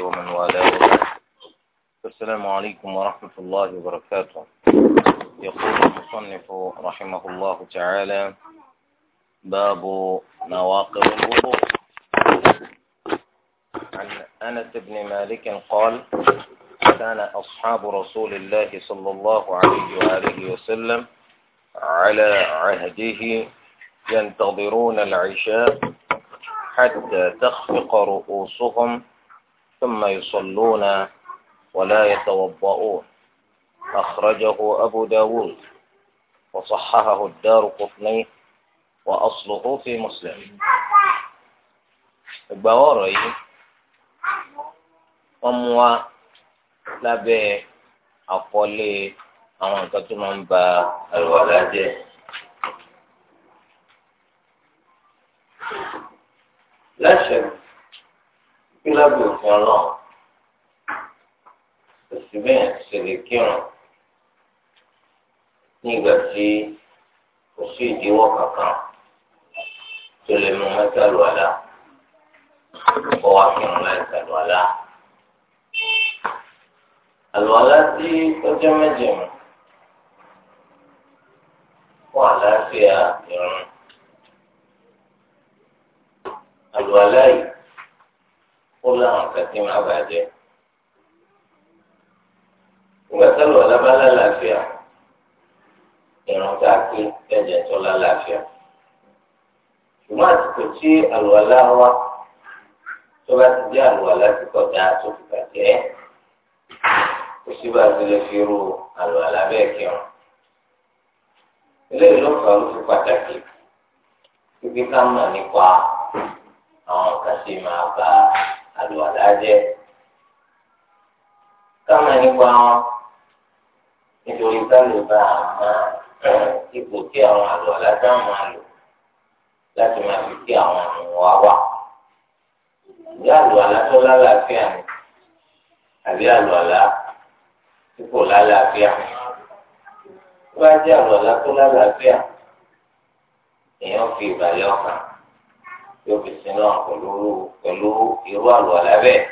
ومن والاه السلام عليكم ورحمة الله وبركاته يقول المصنف رحمه الله تعالى باب نواقض الوضوء عن أنس بن مالك قال كان أصحاب رسول الله صلى الله عليه وآله وسلم على عهده ينتظرون العشاء حتى تخفق رؤوسهم ثم يصلون ولا يتوضؤون أخرجه أبو داود وصححه الدار قطني وأصله في مسلم البواري أموى لابي أقولي àwọn nǹkan tó الولادة؟ لا ba kílọ̀bù òfin ọlọ́run òsì bẹ́ẹ̀ ṣe lè kírun ní ìgbà tí kò sí ìdíwọ́ kankan tó lè mú mẹ́tàlú àlá kó wá kírun láì tàlú àlá. àlùwàlá tí ó jẹ́ mẹ́jẹ̀mú fún àlàáfíà ìrun àlùwàlá yìí ó láwọn kàtí máa bàjẹ́. ìgbà sálọ alábàlá làáfíà ìrun tá a pé ẹ̀jẹ̀ tó lálàáfíà. ṣùgbọ́n àsìkò tí àlùwàlá wa tó bá ti jẹ́ àlùwàlá ti kọjá tó fi bàjẹ́ ó sì bá ti lè fi ru àlùwàlá bẹ́ẹ̀ kírun. eléyìí ló ló fi pàtàkì ibi ká mọ̀ nípa àwọn kàtí máa bàa àlùwàlá jẹ́ káwọn nípa wọn nítorí kálùbà máa ipò tí àwọn àlùwàlá dá máa lò láti máa fi kí àwọn àrùn wa wà ìyá àlùwàlá tó lálàáfíà ni àbí àlùwàlá tí kò lálàáfíà tó bá jẹ́ àlùwàlá tó lálàáfíà èèyàn fi ìbàlẹ̀ ọkàn yóò fi sin náà pẹ̀lú pẹ̀lú irú àlùwàlá bẹ́ẹ̀.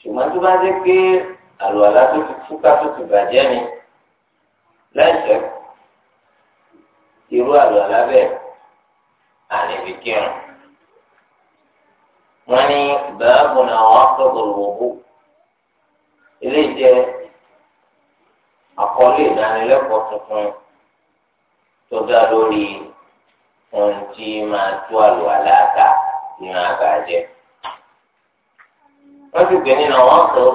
ṣùgbọ́n tó bá dé pé àlùwàlá tó ti fúkà tó ti bàjẹ́ ni lẹ́sẹ̀ irú àlùwàlá bẹ́ẹ̀ àníbi kírun. wọ́n ní báàbò náà wọ́n tọ́gbọ̀rọ̀ wọ̀bú. ilé jẹ́ àkọlé ìdánilẹ́kọ̀ọ́ tuntun tó dá lórí ohun tí máa tó àlùwà láàká ni máa bàjẹ́. wọ́n sì gbé nínú àwọn kan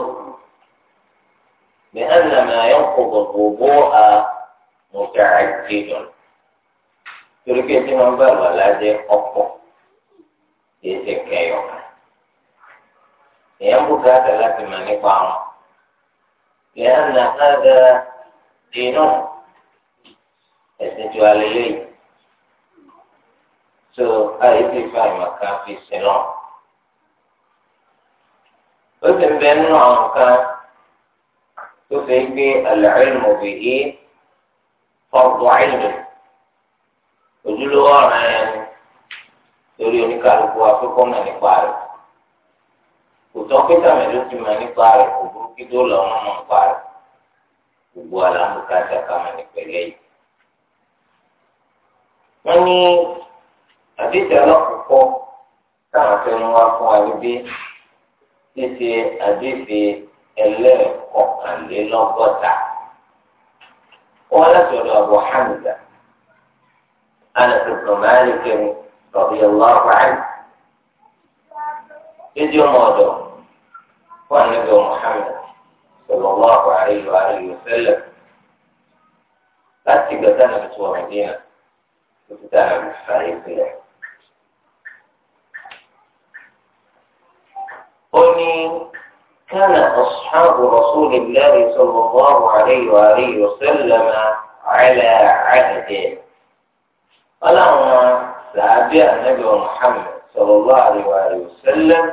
bí ẹnna máa yọ kó gbogbo a mọ̀tà àjẹjọ torí pé tí wọ́n bá àlùwà láàjẹ́ ọ̀pọ̀ kìí ṣe kẹyọ̀ kan. èèyàn bùkátà láti mà nípa wọn. لأن هذا دينه ẹsìn tí wà lélẹyìí tó ayé ti fa ìmọ̀ká fi sin lọ. ó sì ń bẹ nínú àwọn nǹkan tó fi gbé al-ilmu bihi fardu 'aini ojúlówó ọ̀ràn ẹ̀ lórí oníkàlùkù afẹ́kọ́ mọ̀ nípa rẹ̀ kò tọ́ pé tàmílò ti mọ̀ nípa rẹ̀ kò burú kí tó lọ́ mọ̀ nípa rẹ̀ gbogbo alámùká ṣàkàmọ̀ nípa ẹ̀yẹ yìí. wọ́n ní. àdéjà lọ́kùnkọ́ táwọn tó ń wá fún wa níbí títí àdéjì ẹlẹ́ẹ̀kọkànlélọ́gọ́ta wọn láti ọ̀dọ̀ Abu Hamza Anas ibn Malik radiyallahu anhu ìdí ọmọ ọ̀dọ̀ fún àníbẹ̀ Muhammad sallallahu alayhi wa alihi wa sallam láti gbẹ̀dánà tó wà ní ìdíyàn tó ti dára ní sàyè sílẹ̀. أني كان أصحاب رسول الله صلى الله عليه وآله وسلم على عهده فلما سابع النبي محمد صلى الله عليه وآله وسلم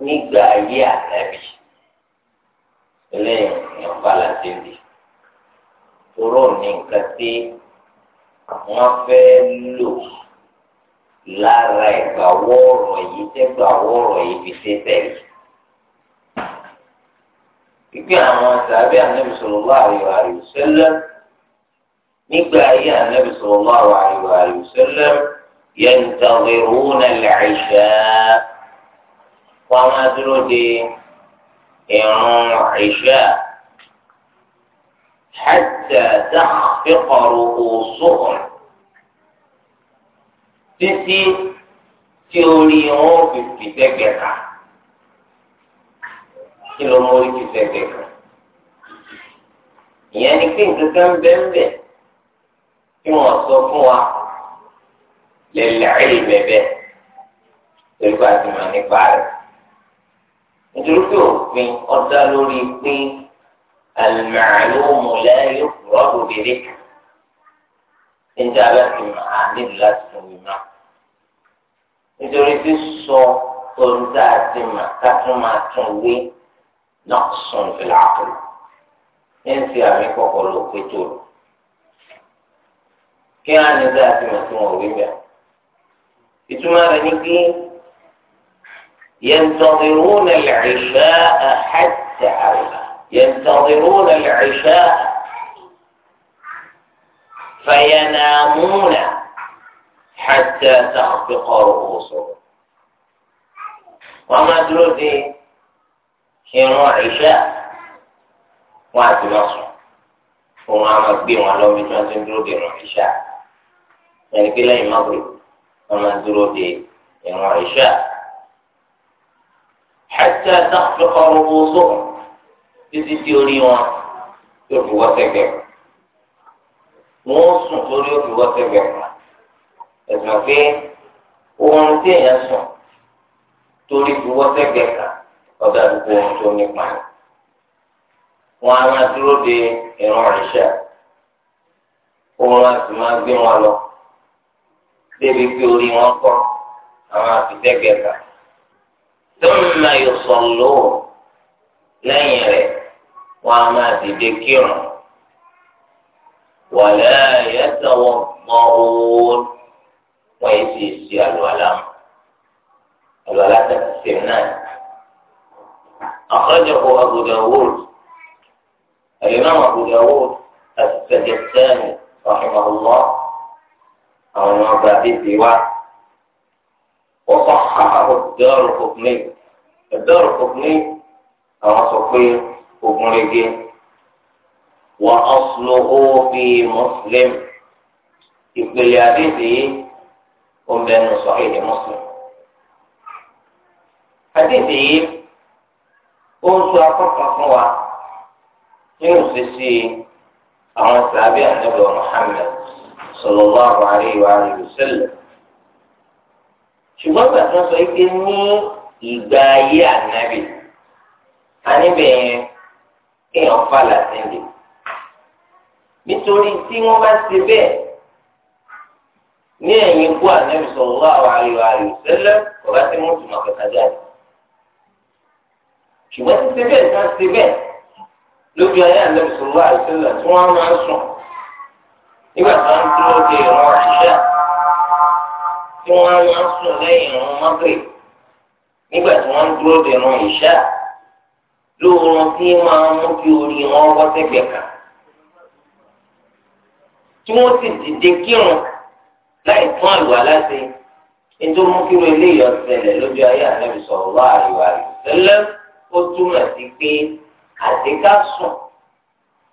نجاية النبي إليه يقبل سيدي ترون من كثير ما فيه lára ẹ̀gbà wọ́ọ̀rọ̀ yìí tẹ́gbà wọ́ọ̀rọ̀ yìí fi ṣe tẹ̀lé. Ìgbé àwọn sàbí ànábì sallallahu àríwá àríwá sallam nígbà ayé ànábì sallallahu alaihi wa sallam yantaziruna al-isha. Wọ́n máa dúró de ìrun ìṣá. Hatta kọ̀rọ̀ òṣùwọ̀n. títí tí orí wọn fi fìtẹ́gbẹ̀ ká kí ló mú orí fìtẹ́gbẹ̀ ká ìyẹn ni pé nǹkan kan bẹ́ẹ̀ bẹ́ẹ̀ tí wọ́n sọ fún wa lẹ́lẹ́ àìlè bẹ́ẹ̀ torí bá ti mọ̀ nípa rẹ̀ nítorí pé òfin ọ̀dá lórí pín al-ma'lumu la yufradu bi dhikr. níjà láti mọ àníbi láti tún wí mọ nítorí tí sọ ohun tá a ti mọ ká tún máa tún wí náà sùn fìlà àkùrù ní ń fi àmì kọkọrọ òpè tó lò kí á ní tá a ti mọ tí wọn wí bẹ ìtumọ̀ rẹ̀ ní pé ينتظرون العشاء حتى عرفه ينتظرون العشاء فينامون حتى تخفق رؤوسهم وما درودي irun àìṣá wọn àti wọn sùn òun àwọn gbé wọn lọ bí wọn ti ń dúró de irun àìṣá ẹni pé lẹ́yìn mọbìrì wọn máa ń dúró de irun àìṣá àti àtàkùn ọrùn wọn sọ títí tí orí wọn yóò fi wọ́n sẹ́gbẹ̀ẹ́. wọ́n sùn torí ó fi pé ohun tí èèyàn sùn torí fi wọ́sẹ̀ gẹ̀ẹ́fà ọ̀dà àdúgbò ohun tó nípa rẹ̀ wọn á máa dúró de ìran ohun a máa gbé wọn lọ débi pé orí wọn kọ àwọn wàlẹ́ ẹ̀yẹ́sẹ̀ wọn mọ òun wọ́n yìí sì ṣe àlùwàlà àlùwàlà tẹ̀sí sèm náà. أخرجه أبو داود الإمام أبو داود السجستاني رحمه الله أو المبادئ في واحد وصححه الدار القطني الدار القطني أو صفي ومريجين وأصله في مسلم يقول هذه أم صحيح مسلم حديثي أنسى فقط هو يوسسي عن تابع النبي محمد صلى الله عليه وآله وسلم ṣùgbọ́n gbàtàn sọ pé ní ìgbà ayé ànábì àníbẹ̀yẹn kéèyàn fà látẹ́lẹ̀ nítorí tí wọ́n bá ṣe bẹ́ẹ̀ ní ẹ̀yìn ikú ànábì sallallahu alaihi wa sallam ọba tí wọ́n tún ọ̀kẹ́ta jáde. ṣùgbọ́n ti ṣe bẹ́ẹ̀ ká ṣe bẹ́ẹ̀ lójú ayé ànábì sallallahu alaihi wa sallam tí wọ́n máa ń sùn nígbà tí wọ́n dúró de ìrún àṣìṣe tí wọ́n máa ń sùn lẹ́yìn ìrún mọ́gìrì nígbà tí wọ́n dúró de ìrún ìṣá lóorun tí máa mú kí orí wọn wọ́ sẹ́gbẹ̀ẹ́ kan tí wọ́n sì dìde kírun láì tún àlùwà láti nítorí mú kírun eléyìí ọ̀sẹ̀lẹ̀ lójú ayé ànábì sọ̀rọ̀ wá àríwá rẹ̀ tẹ́lẹ̀ ó túmọ̀ sí pé àdéká sùn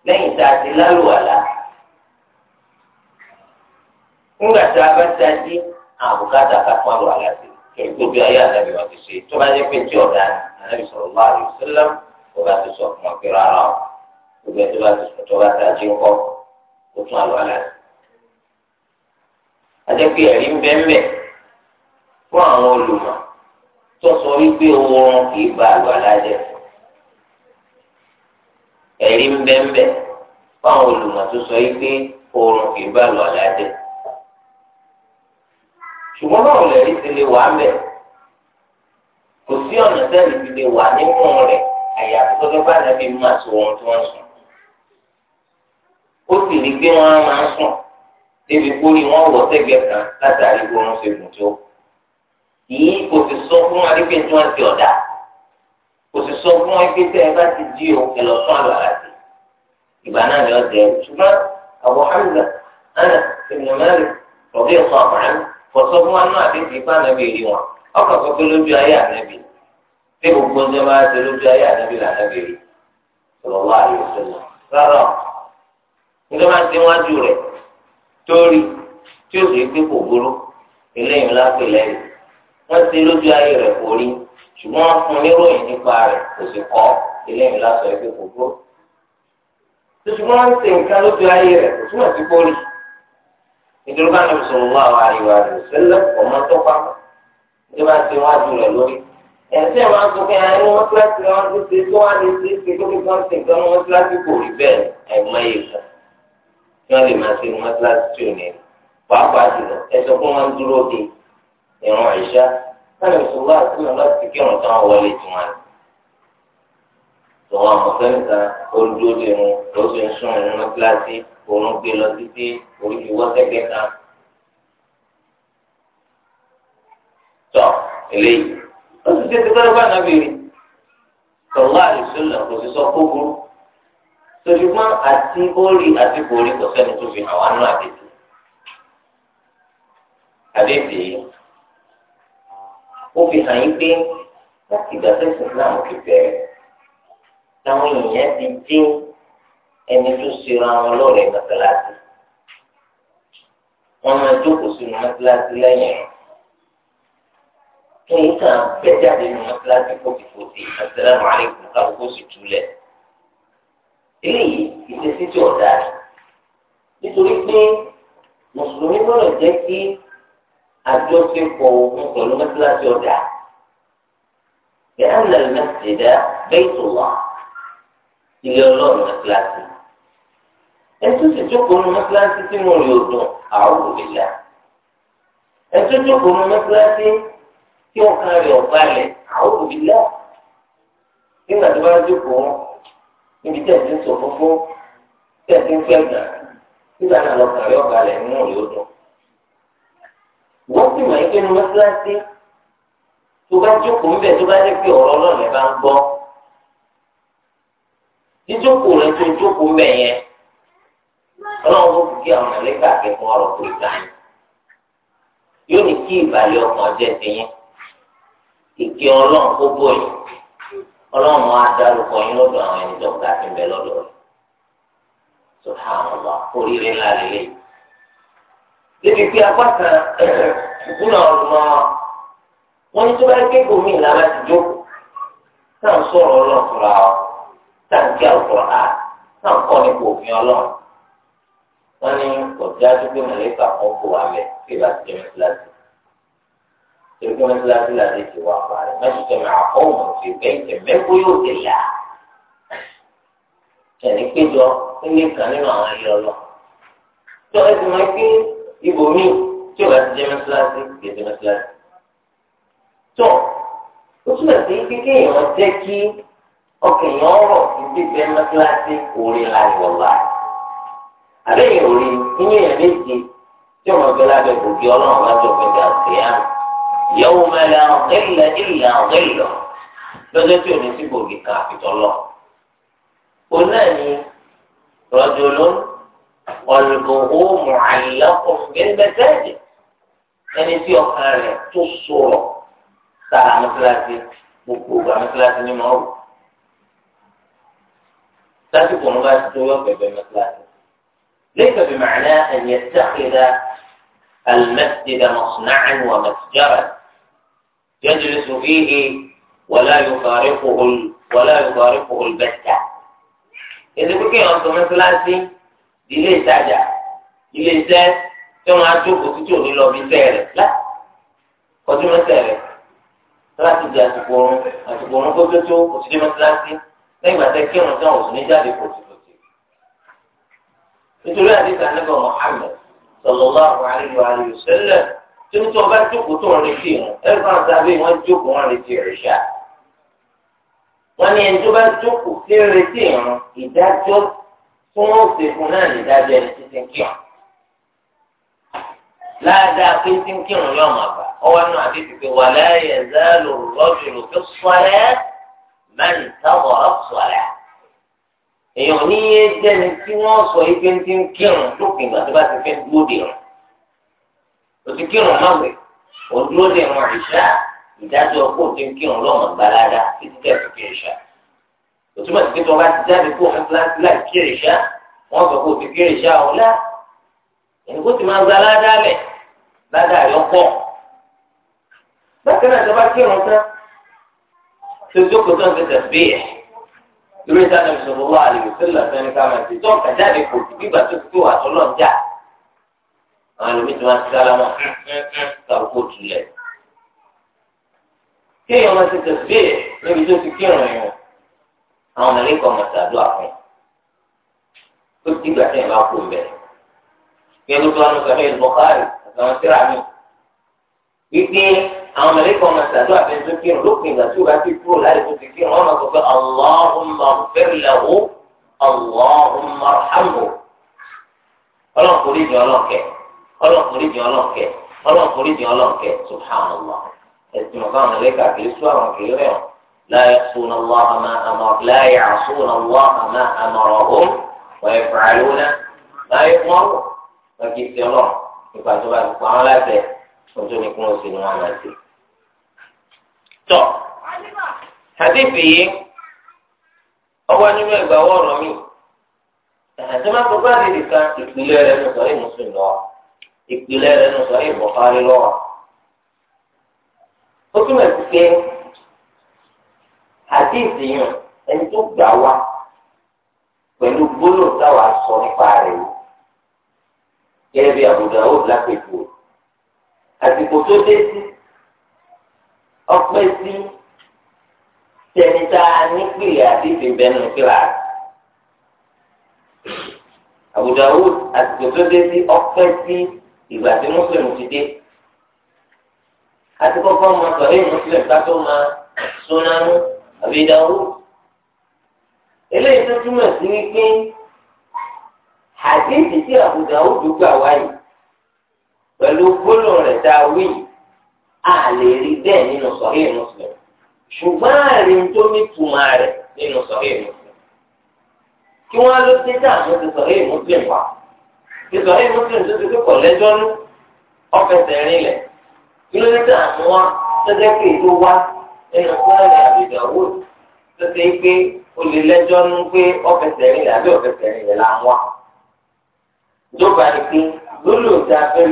lẹ́yìn tá a ti lálùwà lá nígbà tá a bá ti di àbùkátà ká fún àlùwà láti kí lójú ayé ànábì wọn ti ṣe tó bá jẹ́ pé tí ọ̀dà ànábì sọ̀rọ̀ wá àríwá tẹ́lẹ̀ ó bá ti sọ fún ọ rárá o gbogbo ẹ̀ tó bá ti sùn tó bá ti àjí ń kọ́. kó tún àlùwàlá sí. ajẹ́ pé ẹ̀rí ń fún àwọn olùmọ̀ tó sọ wípé oorun kìí ba àlùwàlá ala ẹ̀rí ń bẹ́ẹ̀ bẹ́ẹ̀ fún àwọn olùmọ̀ tó sọ wípé oorun bá ba àlùwàlá jẹ́ ṣùgbọ́n báwo lè rí ti lè wà mẹ́ kò sí ọ̀nà sẹ́ẹ̀lì ti lè wà nínú rẹ̀ àyàfi tó tó bá máa sọ ó sì ní pé wọn máa ń sùn débi kórì wọ́n wọ̀ kan látàrí bí ṣe gùn tó. yìí kò wa tí ti kò sì sọ fún wa wípé ẹ bá ti di òkè lọ fún àlọ́ àti ìgbà náà ni Hamza ana ibn Malik rọ̀bí àbáyé kò sọ fún náà náà rí wọn sọ pé lójú ayé gbogbo máa ṣe lójú ayé rí nígbà máa ń ti wájú rẹ̀ torí tí ó sì gbé kò burú eléyìí ńlá pè lẹ́yìn wọ́n ti lójú ayé rẹ̀ kò rí ṣùgbọ́n wọ́n fún níròyìn nípa rẹ̀ kò sì kọ́ eléyìí ńlá sọ ẹgbẹ́ kò burú. ṣùgbọ́n wọ́n ti nǹkan lójú ayé rẹ̀ kò túmọ̀ sí kó rí nítorí bá ní sallallahu alaihi wa sallam ọmọ tó pamọ́ nígbà tí wọ́n ti wájú rẹ̀ lórí ẹ̀sìn máa ń sọ pé àwọn ọmọ kíláàsì wọn ti ṣe tó wá ní ṣe é ṣe kó kí wọ́n ti nǹkan ọmọ kíláàsì kò rí bẹ́ẹ̀ ẹ̀mọ́ yìí kan kí wọn lè máa ṣe wọn kíláàsì tí ò ní pàápàá jùlọ ẹsọ fún wọn dúró de ìran àìṣá káyọ̀ ìṣòwò àti ìran láti kí ọ̀run táwọn wọlé tí wọn. tòun àmọ̀fẹ́ǹta olùdó de wọn ló ṣe ń sún ìran kíláàsì òun gbé lọ títí orí fi wọ́ sẹ́kẹ́ kan. tọ́ eléyìí ó sì ṣe ti pẹ́ẹ́rẹ́ bá nàbẹ̀rẹ̀ tọ́lá àìṣó lọ kò sí sọ kó sọ̀tùmọ́ àti orí àti borí kò sẹ́ni tó fi hàn wá nínú àdéhùn. àdéhùn yìí ó fi hàn yín pé láti ìgbà tó ìsìn náà ti bẹ̀rẹ̀ táwọn èèyàn ti dín ẹni tó ṣera wọn lọ́rẹ̀ẹ́ mọ́sálásí. wọ́n máa jókòó sínú mọ́sálásí lẹ́yìn rẹ̀ kí bẹ́ẹ̀ jáde nínú mọ́sálásí kó fi fòtì àṣẹ lẹ́nu àlékún sì túlẹ̀ eléyìí ìṣesí tí ọ̀dà nítorí pé mùsùlùmí gbọ́dọ̀ jẹ́ kí àjọṣepọ̀ òun pẹ̀lú mẹ́tíláṣí ọ̀dà yàrá mẹ́tíláṣí bẹ́ẹ̀tùwà ilé ọlọ́run mẹ́tíláṣí ẹtú sì jókòó nu mẹ́tíláṣí tí mo rí odùn àwọn òrìlà ẹtú jókòó nu mẹ́tíláṣí tí wọ́n kárí ọ̀gbálẹ̀ àwọn òrìlà nígbà tí wọ́n á jókòó níbi tẹ̀sí ń sọ fúnfún tẹ̀sí ń fẹ́ gà nígbà náà lọ kàrí ọ̀gá rẹ̀ mú yóò dùn. wọ́n sì mọ̀ ẹ́kẹ́ ní mọ́sálásí tó bá jókòó ń bẹ̀ tó bá jẹ́ pé ọ̀rọ̀ ọlọ́run bá ń gbọ́. jíjókòó rẹ̀ tó jókòó ń bẹ̀ yẹn ọlọ́run tó fi kí àwọn mẹ̀lẹ́kà akẹ́kọ̀ọ́ ọ̀rọ̀ kò gbà yín. yóò ní kí ìbàlẹ̀ ọkàn jẹ́ ọlọ́run á dárúkọ yín lọ́dọ̀ àwọn ẹni tó ga sí bẹ́ẹ̀ lọ́dọ̀ rẹ̀ subhanallah oríire ńlá lélẹ̀ débi pé apá kan ìdúnà ọ̀rùnmọ́ wọn ní tó bá ké bomi ìlànà ti jókòó náà sọ̀rọ̀ ọlọ́run fúnra ọ náà ń kí àwòrán á náà kọ́ nípa òfin ọlọ́run wọn ní kò dájú pé mọ̀lẹ́kà kan kó wa mẹ́ kí ìlà ti jẹ́ يكون لا لا ذي واقع ما اجتمع قوم في بيت من بيوت الله يعني كده اللي كان يرى الله tó ẹsìn máa pín ibòmíì tí o bá ti jẹ mẹsàlásì kì í jẹ mẹsàlásì. tó o túmọ̀ sí kékeré èèyàn jẹ́ kí ọkàn èèyàn rọ̀ sí gbígbẹ́ mẹsàlásì orí láìwọ̀lá. àbẹ́yìn orí inú èèyàn méje tí ọmọ ọgbẹ́ lábẹ́ kò gé ọlọ́run lájọ gbẹ̀gbẹ̀ àti يوم لا ظل إلا ظله lọ́jọ́ tí òní sí gbòógì kan àfitọ́lọ́ o náà ni rọ́jòló ọ̀lùkò òmù àyíyákọ̀ gbẹ́ngbẹ́sẹ́ẹ̀dì ẹni tí ọkàn rẹ̀ tó sọ̀rọ̀ sára mọ́tíláṣí gbogbo ọgbà mọ́tíláṣí ní mọ́ òwò lásìkò ní wọ́n bá ti tó yọ bẹ̀bẹ̀ mọ́tíláṣí lẹ́yìn tó fi màánà ẹ̀yẹ sáfìlà. المسجد مصنعا ومسجرا يجلس فيه ولا يفارقه ولا يفارقه البتة إذا بكي أنتم من ثلاثين دي ساجا دي ساجا ثم أشوف وتشوف إلو بسيرة لا قدوا مسيرة ثلاثين جاء تقولون أتقولون قدتوا وتشوف من ثلاثين لأي ما تكيون أنتم وصني جاء دي قدتوا إنتوا لا دي سألنا محمد sallallahu alaihi wa alihi wasallam tí ń tọ́ bá jókòó tó ń retí wọn ẹ̀rọ àtàbí wọn jókòó wọn retí ìṣà. wọ́n ní ẹni tó bá jókòó sí retí wọn ìdájọ́ tó wọ́n ṣe fún náà nídájọ́ ẹni títí ń kírun. láàdáa pé tí ń kírun yóò máa bà ọwọ́ náà àti tìpé wà láyé ẹ̀zá lòrùlọ́jù lòkè sọ́lẹ̀ máa ń tábọ̀ ọ̀ṣọ́lẹ̀ èèyàn ní yé jẹni tí wọ́n sọ yìí pé ń ti ń kírun lópin ìgbà tó bá ti fẹ́ dúró dè rùn o ti kírun náà wẹ̀ o dúró dè rùn àìsà ìdájọ́ kó o ti ń kírun lọ́mọ gbalada títí kẹ́sì kí ìṣá o túmọ̀ sí pé tí wọ́n bá ti jáde kó o kíláàsì láì kí ìṣá wọ́n sọ kó o ti kí ìṣá o lá ẹni kó ti máa gbalada lẹ̀ ládà yọ pọ̀ bákan náà tó bá kírun tán tó jókòó tó ń fẹsẹ̀ bẹ́ẹ̀ ìwé ìdáná ìṣòro wà lè sẹlẹ sẹni káwọn ẹsẹ tó ọkà jáde kò sí bí gbàtó tó wà tó lọ jà àwọn ẹlòmíì tó máa ti sára wọn kàwé kó tulẹ̀. kéèyàn máa ti tẹ̀sí níbi tó ti kírun yìí àwọn mẹlẹ́kọ̀ọ́ máa ṣàdúrà fún un ó ti gbà sẹ́yìn máa kó mbẹ́. kí ẹni tó wà ní sọ́dọ̀ ìlú bọ́kárì àtàwọn síra mi wípé àwọn mẹlẹkọ ọmọ sàdó àfẹnusọ kírun lópin ìgbà tí o bá ti kúrò láti tó ti kírun wọn máa sọ pé Allahumma ighfir lahu Allahumma irhamhu Ọlọ́run kò rí jìn ọlọkẹ Ọlọ́run kò rí jìn ọlọkẹ Ọlọ́run kò ọlọkẹ subhanallah ẹsìn ọba àwọn mẹlẹkọ àkèrè sọ àwọn kèrè láyé sùnà wọn àmà láyé àsùnà wọn àmà ọhún wọn ìfàlẹ wọn láyé wọn wọn kì í ṣe Ọlọ́run ìgbà tó bá ti pa wọn láti ẹ ọjọ́ ní kí wọ́n ṣe ni wọ́n máa ṣe tọ hadithi yìí ọwọ nínú ẹgbà wọrọ mi àti má gbogbo àdìdì kan ìpìlẹ̀ rẹ̀ nù sọ yìí mùsùlùmí lọ ìpìlẹ̀ rẹ̀ nù sọ yìí bọkárí lọ ó túmọ̀ sí pé hadithi yìí ẹni tó gbà wá pẹ̀lú gbólóhùn táwa sọ nípa rẹ̀ o gẹ́gẹ́ bí Abu Dawud lápẹ̀jù àsìkò tó dé sí ọpẹ́ sí tẹnita nípìlẹ àdìsí bẹnu kíláàsì Abu Dawud àtìkò tó dé sí ọpẹ́ sí ìgbà tí mùsùlùmí ti dé àti kọ́kọ́ ọmọ sọ̀rọ̀ yìí mùsùlùmí ká tó máa súnánú Abu Dawud eléyìí tó túmọ̀ sí wípé àdìsí tí Abu Dawud gbà wáyé pẹ̀lú gbólóhùn rẹ̀ tá a lè rí bẹ́ẹ̀ nínú sọ̀hìn mùsùlùmí ṣùgbọ́n àárín tó ní tùmọ̀ rẹ̀ nínú sọ̀hìn mùsùlùmí kí wọ́n á ló dé dà mú ti sọ̀hìn mùsùlùmí wá ti sọ̀hìn mùsùlùmí tó ti fi kọ̀ lẹ́jọ́ nú ọ̀fẹsẹ̀ rinlẹ̀ kí ló dé dà mú wá tẹ́tẹ́ pé ètò wá nínú sọ́ọ̀rì àbìdà owó tó pé o lè lẹ́jọ́ nú pé ọ̀fẹsẹ̀ rinlẹ̀ àbí ọ̀fẹsẹ̀ rinlẹ̀ là ń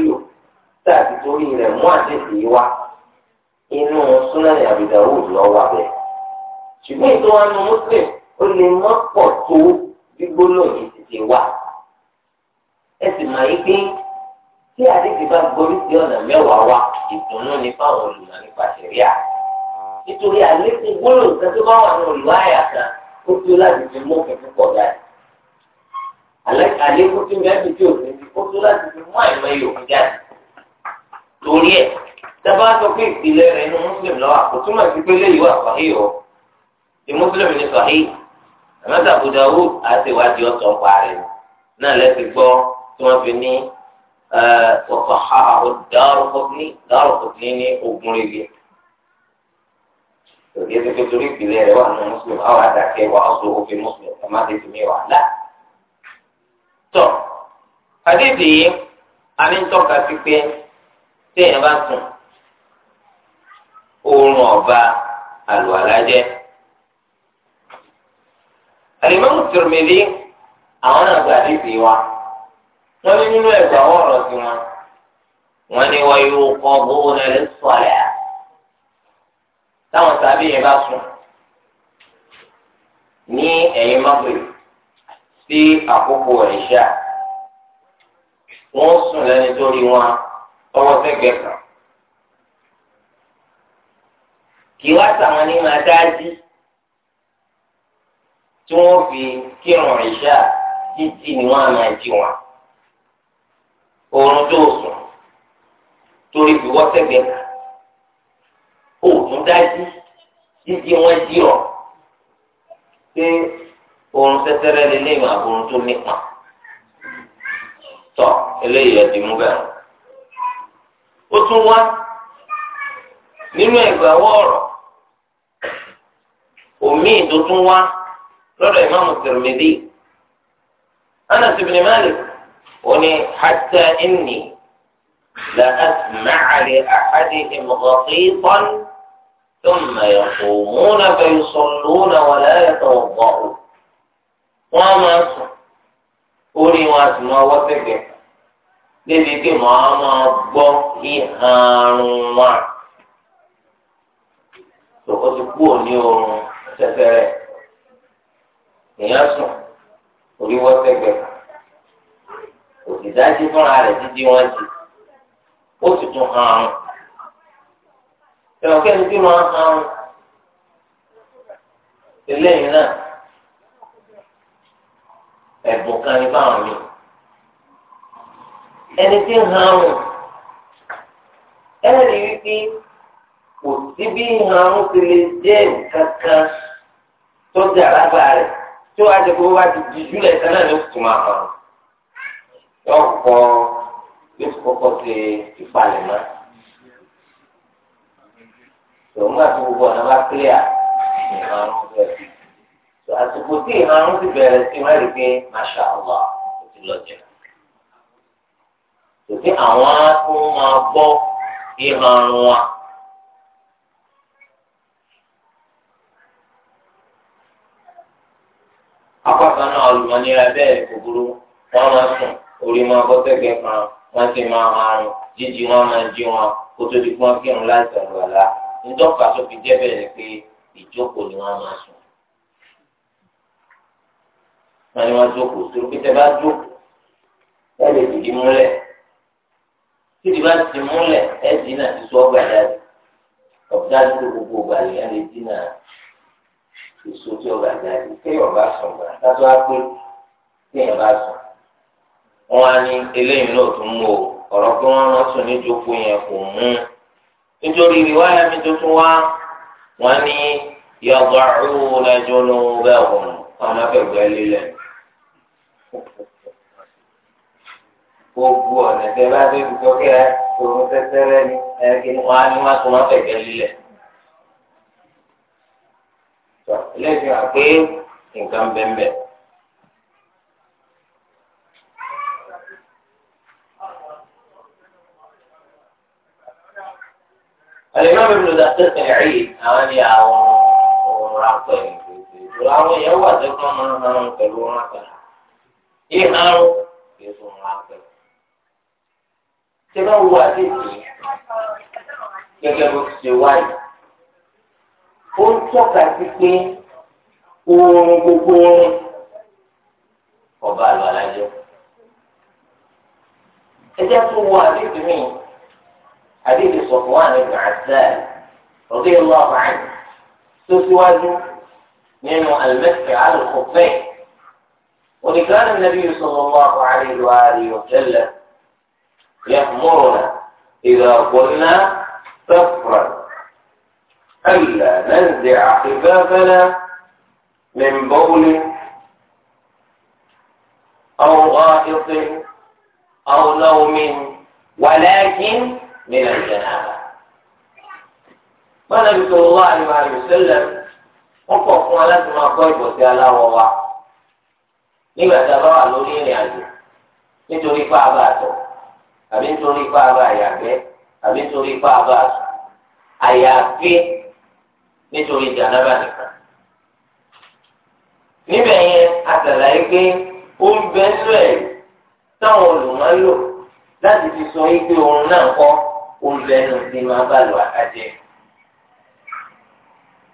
wá tàbí torí rẹ̀ mú àdéhùn yìí wá inú súnáni àbìdáwò lọ wà bẹ́ẹ̀. ṣùgbọ́n ètò àánú muslim ó lè má pọ̀ tó gbígbóná yìí ti ti wá. ẹ sì mọ̀ yí pé tí àdéhùn bá gborí sí ọ̀nà mẹ́wàá wá ìdùnnú ní fáwọn olùmọ̀ nípa ṣẹ̀ríà. nítorí àlékún gbóló nǹkan tó bá wà ní olùwáyà kan ó tó láti fi mú òfin púpọ̀ jáde. àlékún tí mẹ́rin tí òfin ti kó tó láti fi mú àìmọye òfin jáde torí ẹ̀ dábàá sọ pé ìpìlẹ̀ rẹ̀ inú mùsùlùmí lọ́wọ́ àkótúmọ̀ sí pé léyìí wà sọ̀hí o ti mùsùlùmí ni sọ̀hí àmọ́tà Abu Dawud àtiwájú ọ̀tọ̀ ń parí náà lẹ́sìn gbọ́ tí wọ́n fi ní ọ̀pọ̀ Daraqutni Daraqutni ní ogun rẹ̀ tòbí ẹsẹ tó torí ìpìlẹ̀ rẹ̀ wà nù mùsùlùm àwọn àdàkẹ wà ọsọ òfin mùsùlùm ẹ má mi wà téèyàn bá sùn oorun ọba àlùwàlá jẹ́ tìrìmìlì àwọn náà gba wa wọ́n ní nínú ẹ̀gbà ọ̀rọ̀ sí wọn wọ́n ní wọ́n yóò kọ́ bówó náà lè sọ àlẹ́ à táwọn sábẹ́ yẹn bá sùn ní ẹ̀yìn mọ́gbìn sí àkókò wọ́n sùn lẹ́ni ọwọ́ fẹ́gbẹ́ kan. kí wá sàwọn ní máa tí wọ́n fi kírun ìṣá títí ni wọ́n á máa jí wọn. oorun tó sùn torí fi wọ́ fẹ́gbẹ́ kan. oògùn dájú títí wọ́n jí ọ̀ pé oorun sẹ́sẹ́rẹ́ lélẹ́yìn tó nípa. tọ́ eléyìí ẹ̀ ti mú bẹ́ẹ̀. ó tún wá nínú ẹgbàáwọ ọ̀rọ̀ omi tó tún wá lọ́dọ̀ ìmáàmù Tirmidhi Anas ibn Malik òní hatta inni la asma'a li ahadihim ghatitan thumma yaqumuna fa yusalluna wa la yatawadda'u wọn máa sùn orí wọn àti wọn wọ sẹgbẹẹ débi pé màá máa gbọ́ ìhàrùn wa tó o ti kú òní oorun tẹ́tẹ́rẹ́ èèyàn sùn orí wọ́sẹ̀gbẹ̀ òsìdájú fúnra rẹ̀ dídí wọn jì ó sì tún hàn ẹ̀wọ̀n kẹ́ni tí máa hàn eléyìí náà ẹ̀bùn kan ní báwọn mi ẹni tí ń hàn ọ́n ẹni wípé kò sí bí hàn ọ́n ti lè jẹ́ kankan tó dà lábàá rẹ̀ tó wá jẹ́ kó wá ti jíjú lẹ̀ sẹ́nà ló tún máa hàn yóò kọ́ yóò kọ́kọ́ ṣe ìpalẹ̀mọ́ tòun bá tó gbogbo ọ̀nà bá kílíà ìhàn ọ́n bẹ̀rẹ̀ àsìkò tí ìhàn ti bẹ̀rẹ̀ sí wọ́n pé masha allah ó ti lọ jẹun. tòkí àwọn á tún máa gbọ́ ìhàn wa. akọ́kọ́ náà olùmọ̀ní abẹ́ ìkòkòrò máa sùn orí máa bọ́ kan wọ́n sì máa harun jíjí máa jí wọn kó tó di fún fi jẹ́ bẹ́ẹ̀ pé ìjókòó ni wọ́n máa sùn. wọ́n ní wọ́n jókòó torí pé bá jókòó ẹ tí ìdìbò ti múlẹ̀ ẹ̀dín náà ti sọ ọgbà jáde ọ̀gá tó gbogbo ọgbà yẹn lè dín náà èso tí ọgbà jáde kéèyàn bá sùn gbà látọ́ á pé kéèyàn bá sùn. wọ́n á ní eléyìí náà tún mú o ọ̀rọ̀ pé wọ́n rán sùn níjókòó yẹn kò mú nítorí ìwáyà mi tó tún wá wọ́n ní yọ̀gbọ̀rún lẹ́jọ́ ló ń bẹ̀ wọ̀n ọmọ fẹ́ gbẹ́ lílẹ̀ gbogbo ọ̀nà tẹ bá fi fi sọ́kẹ́ ẹ tòun tẹ́tẹ́rẹ́ ni ẹ kí wọ́n á ní wọ́n á tó wọ́n fẹ̀gẹ́ lílẹ̀. ni, ẹlẹ́sìn wà pé nǹkan bẹ́ẹ̀ الإمام ابن دقيق العيد أواني أو راقين ولاو يوا ذكر من من كلمة إيه أو يسون راقين ṣé bá wo àdéhùn gẹ́gẹ́ bó ti ṣe wáyé ó ń tọ́ka sí pé oorun gbogbo oorun ọba àlọ́ alájọ. ẹ jẹ́ tó wo àdéhùn mi àdéhùn sọ̀fún wa ní gàdá ọ̀gá ìlú àbáyé tó síwájú nínú àlùmẹ́sẹ̀ àlùkò fẹ́. ولكان النبي صلى الله عليه وآله وسلم يأمرنا إذا قلنا صفرا ألا ننزع حبابنا من بول أو غائط أو نوم ولكن من الجنابة نبي صلى الله عليه وسلم وقف fún wa láti máa kọ́ لما ترى wa يعني tí فعباته àbí nítorí ipá àbá àyàgbẹ́ àbí nítorí ipá àbá àsùn àyàgbé nítorí jàǹdàbà nìkan. níbẹ̀ yẹn àtàlàyé pé ó ń bẹ sílẹ̀ táwọn olùmọ̀lò láti fi sọ pé òun náà kọ́ òun bẹnu sí máa bá lò àkàjẹ́.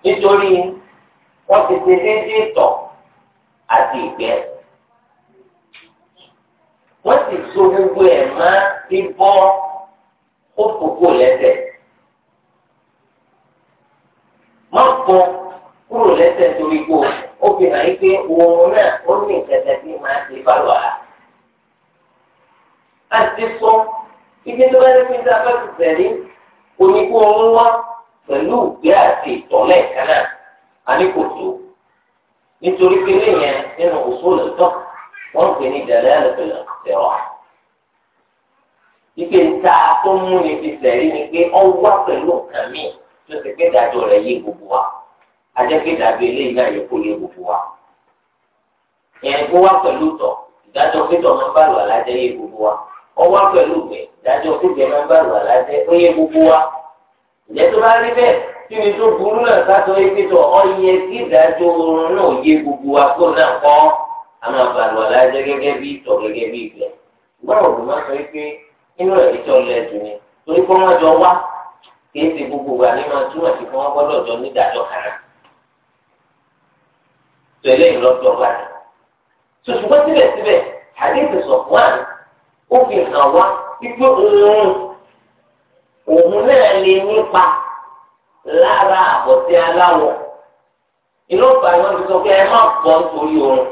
nítorí wọ́n ti ṣe déédéé tọ̀ àti ìgbẹ́. wọ́n sì so gbogbo ẹ̀ máa bíbọ́ ó fòkó lẹ́sẹ̀. má fọ kúrò lẹ́sẹ̀ torí kó ó fi hàn pé òun náà ó ní ìtẹ̀tẹ̀ tí màá ti bá lọ à. a ti sọ ibi tó bá lẹ́sẹ̀ tí a bá ti tẹ̀lé oníkó òun wá pẹ̀lú ìgbé àti ìtọ́lẹ̀ kan náà nítorí pé lẹ́yìn nínú òṣòlù tán wọ́n ń pè ní ìdàlẹ́ àlùfẹ́ lọ́kùnrin ọ̀hún ike ta tó mú ni ti sẹ̀rí ni pé ọ wá pẹ̀lú nǹkan míì tó ti pé dájọ́ rẹ̀ yé gbogbo wa ajẹ́pẹ́ dàbí eléyìí náà yẹ kó yé gbogbo wa yẹn kó wá pẹ̀lú tọ̀ ìdájọ́ pétọ̀ máa ń bá lù alájẹ́ yé gbogbo wa ọ wá pẹ̀lú gbẹ̀ ìdájọ́ pétọ̀ máa ń bá lù alájẹ́ ó yé gbogbo wa ìjẹ́ tó bá rí bẹ́ẹ̀ kí ni tó burú náà sátọ̀ yé pétọ̀ ọ yẹ kí ìdájọ́ oorun náà yé gbogbo wa kó náà kọ́ a máa bá lù alájẹ́ inú rẹ̀ fi tọ́ lẹ́dùn ni torí kó wọ́n jọ wá kì í ṣe gbogbo wa ní máa túmọ̀ sí fún wọn gbọ́dọ̀ jọ nídàájọ́ kan náà tẹ̀lé ìlọ́dọ̀ wa ni. ṣùṣùgbọ́n síbẹ̀síbẹ̀ àdéhùn sọ̀fúnwán ó fi hàn wá wípé òun òun náà lè nípa lára àbọ̀tí aláwọ̀ inú ọgbà wọn ti sọ pé ẹ má bọ́ nítorí oorun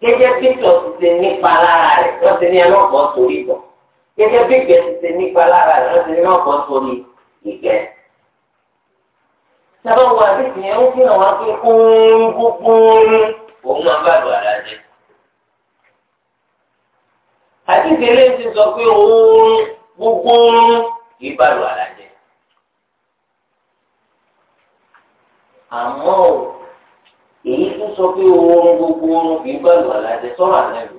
gẹ́gẹ́ bí tọ́ ti ṣe nípa lára rẹ̀ wọ́n ti ẹ má bọ́ nítorí ìbọn gẹ́gẹ́ bí ìgbẹ́ ti ṣe nípa lára rẹ̀ lọ́sẹ̀ náà bọ́ sórí ìgbẹ́. sábà wo àdéhùn yẹn ń fihàn wá pé kúrú kúrú òun máa bá lu ara jẹ. àdéhùn eléyìí ti sọ pé òun gbogbo kì í bá lu ara jẹ. àmọ́ èyí tún sọ pé òun gbogbo kì í bá lu ara jẹ sọ́rọ̀ àná ìlú.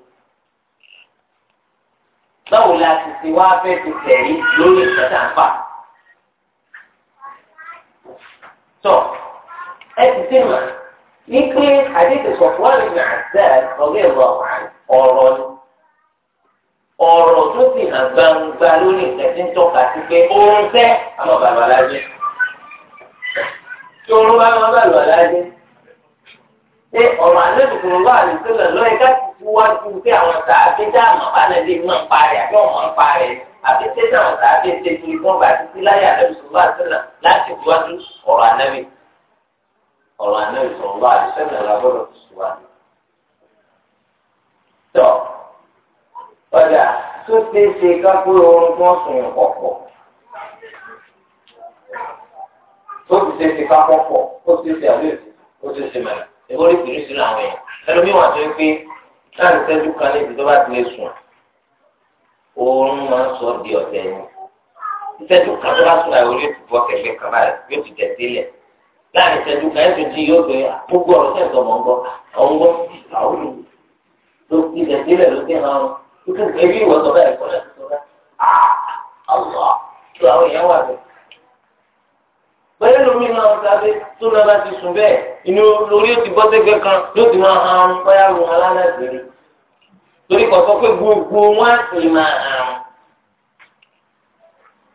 báwo la ti ti wá fẹ́ ti tẹ̀lé lórí ìtọ́jà ń fà. tọ́ ẹ ti dé mà ní pé àdéhùn sọ̀fún àmì àṣẹ ọ̀rẹ́ ìwà ọ̀rọ̀ ni ọ̀rọ̀ tó sì hàn gbangba lórí nǹkan tí ń tọ́ka sí pé ó fẹ́ àmọ́ bàbá alájẹ. tí oorun bá máa bàbá ṣé ọ̀rọ̀ àlejò kò ń bá àlejò lọ síwájú pé àwọn sàábé dáàmà bá nàbí mọ̀ ń parẹ́ àbí ọ̀mọ̀ ń parẹ́ àbí tẹ́tẹ́ àwọn sàábé ṣe kiri fún ọgbà títí láyé àdébí sọ̀rọ̀ àṣẹlẹ̀ láti wájú ọ̀rọ̀ ànábì ọ̀rọ̀ ànábì sọ̀rọ̀ àṣẹlẹ̀ làbọ̀dọ̀ síwájú. tọ́ ọjà tó ṣe é ṣe kápó oorun tó ń sùn ọ̀pọ̀ tó ti ṣe ti kápọ̀ pọ̀ ó ti ṣe àlè ó ti ṣe mẹ́rin ìwọ́n rí kìrìsì làwọn èèyàn ẹlòmíwọ̀n tó ń pín láti tẹ́jú kan ní tó bá ti lè sùn oorun máa ń sọ di ọ̀tẹ̀ ni ìtẹ́jú kan tó bá sùn àìwọlé yóò ti bọ́ kẹ̀kẹ́ kan báyìí yóò ti tẹ̀sí lẹ̀ láàrin ìtẹ́jú kan ẹ̀sùn tí yóò gbé ah, gbogbo ọ̀rọ̀ sẹ́ńtọ̀ mọ̀ ń gbọ́ ah, àwọn gbọ́ àwọn ló ti tẹ̀sí lẹ̀ ló dé hàn án ó kẹ́kẹ́ bí ìwọ sọ ah, tó bá àwọn èèyàn wà bẹ́ẹ̀ bẹ́ẹ̀ lómi máa ń sábẹ tó náà bá ti sùn bẹ́ẹ̀ inú lórí ó ti bọ́ sẹ́gbẹ́ kan ló ti máa hàn án báyà ló hàn lálẹ́ ìbéèrè torí kò sọ pé gbogbo wọn á sì máa hàn án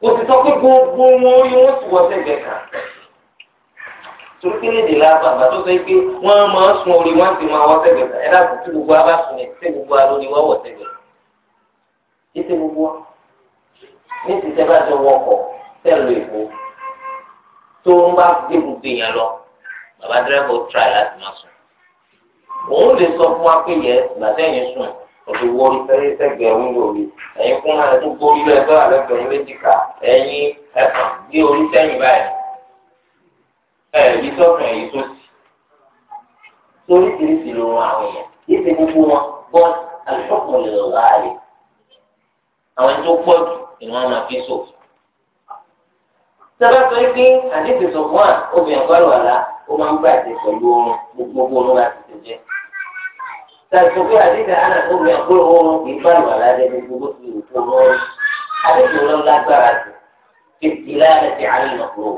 kò sì sọ pé gbogbo wọn ó yẹ wọn sì wọ sẹ́gbẹ́ kan torí kí léde la bàbá tó sọ pé wọn máa sun orí wọn sì máa wọ sẹ́gbẹ́ kan ẹ dàgbò tí gbogbo abá sùn ẹ tí gbogbo alóni wọn wọ sẹ́gbẹ́ yìí tí gbogbo ní ti sẹ́ tó ń bá gbé gbogbo èèyàn lọ bàbá dírẹ́fà ó tíra láti má sùn òun lè sọ fún wa pé yẹ gbàtẹ́ yẹn sùn òtún wọ ìfẹ́rẹ́ sẹ́gbẹ̀ẹ́ wíńdò rí ẹ̀yin fún wọn tó gbórí lẹ́gbẹ́ àlẹ́gbẹ̀ẹ́ léjìká ẹ̀yin ẹ̀kan ní orí sẹ́yìn báyìí ẹ̀yí sọ́kàn ẹ̀yí tó sì torí tìrìtì ló wọn àwọn èèyàn yìí ti gbogbo wọn gbọ́ àlùfọ́kùnrin lọ́wọ́ àlè àwọn tó pọ̀ jù ni wọ́n máa fi sòfò sábà sọ pé àdéhùn sọ̀kún à obìnrin kọ́ ló wà lá ó máa ń bàjẹ́ pẹ̀lú oorun gbogbo oorun láti ti jẹ́. sàtò pé àdéhùn àná tó obìnrin kọ́ oorun kì í bá lò àlá jẹ gbogbo tó lò tó lọ́rùn àdéhùn lọ lágbára jù fìdí láàrin ti àárín ìnàkúrò.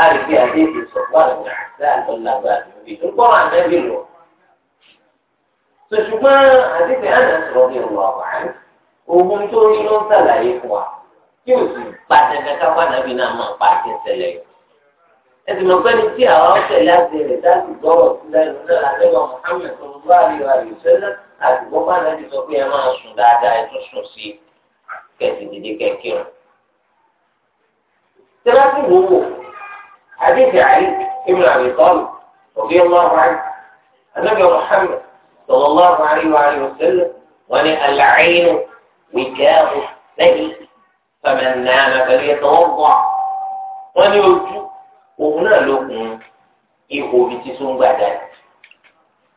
a lè fi àdéhùn sọ̀kún àná láàrin lágbára jù bí ìdúgbò ànábì lọ. sòṣùgbọ́n àdéhùn àná sọ̀rọ̀ bí òun àwọn òun tó rí ló ń sàlàyé fún wa tí o sì pa dandan ká wà nàbí náà máa pa àti ìṣẹ̀lẹ̀ yìí. ẹsìn mọ̀ pé ní tí àwa ọ̀sẹ̀ láti rẹ̀ láti gbọ́rọ̀ sílẹ̀ nínú àlẹ́wọ̀n Muhammad tó ń bá àríwá rẹ̀ sẹ́lẹ̀ àti gbọ́ bá nàbí sọ pé ẹ máa sùn dáadáa ẹ tún sùn sí kẹ̀sì dídí kẹ̀kẹ́ o. tẹ́lásì wò wò àdéhùn àyè ibùdó àbí tọ́lù òbí ọlọ́run àyè àdébẹ̀ Muhammad sọ̀rọ̀ ọlọ́run àríwá rẹ̀ sẹ́lẹ̀ wọ́n ní فمن نام فليتوضا wọ́n ní ojú òun náà ló kún ihò ibi tí tó ń gbà jáde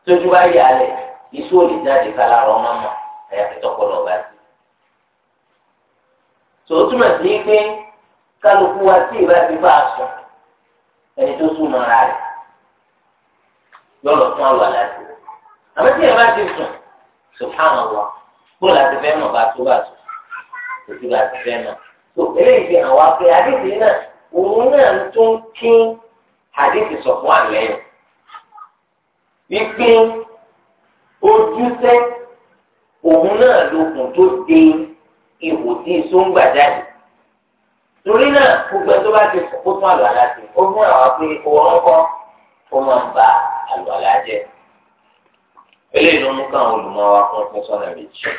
tójú bá yà á lẹ̀ iṣu ò lè jáde kálárọ̀ mọ́mọ́ àyàfi tọpọlọ bá sí. tòótúmọ̀ sí pé kálukú wa tí ìbá ti bá a sùn ẹni tó sùn mọ́ra rẹ̀ yọ̀lọ̀ fún àlọ́ àlàáfíà àmọ́ tí ìbá ti sùn subhanallah bó láti fẹ́ mọ̀ bá tó bá sùn títí bá ti fẹ́ náà. tó eléyìí fi hàn wá pé àdìsí náà òun náà tún kín àdìsí sọ fún àlẹ́ yìí. wípé ojúṣe òun náà lókun tó de ihò tí sóńgbà jáde. torí náà gbogbo ẹ tó bá ti sọ kó tún àlọ́ àlá sí ó fún àwọn pé òun kọ́ ó máa ń ba àlọ́ àlá jẹ́ eléyìí ló mú káwọn olùmọ̀ wa fún fún sọ́nà méjì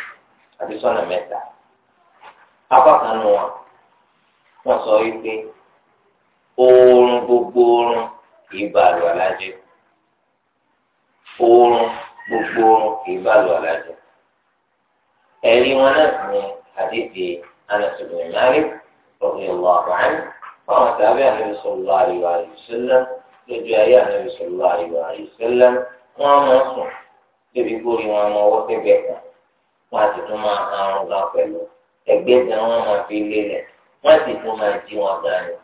àti sọ́nà mẹ́ta apákan nù wọn wọn sọ wípé oorun gbogbo oorun kìí bá lu alájẹ oorun gbogbo oorun kìí bá lu alájẹ ẹ̀rí wọn náà sì ni àdéhìí anasọ̀rọ̀ ìyáre ọ̀gbìn ìwà àbáyé fáwọn sábẹ́ ànábi sọ̀rọ̀ àríwá àríwísílẹ̀ lójú ayé ànábi sọ̀rọ̀ àríwá àríwísílẹ̀ wọn á máa sùn débi gbórí wọn á máa wọ́ kan wọn á ti tún máa harun gan pẹ̀lú ẹgbẹ́ gan wọn máa fi lé rẹ̀ wọ́n sì tún máa jí wọn gan rẹ̀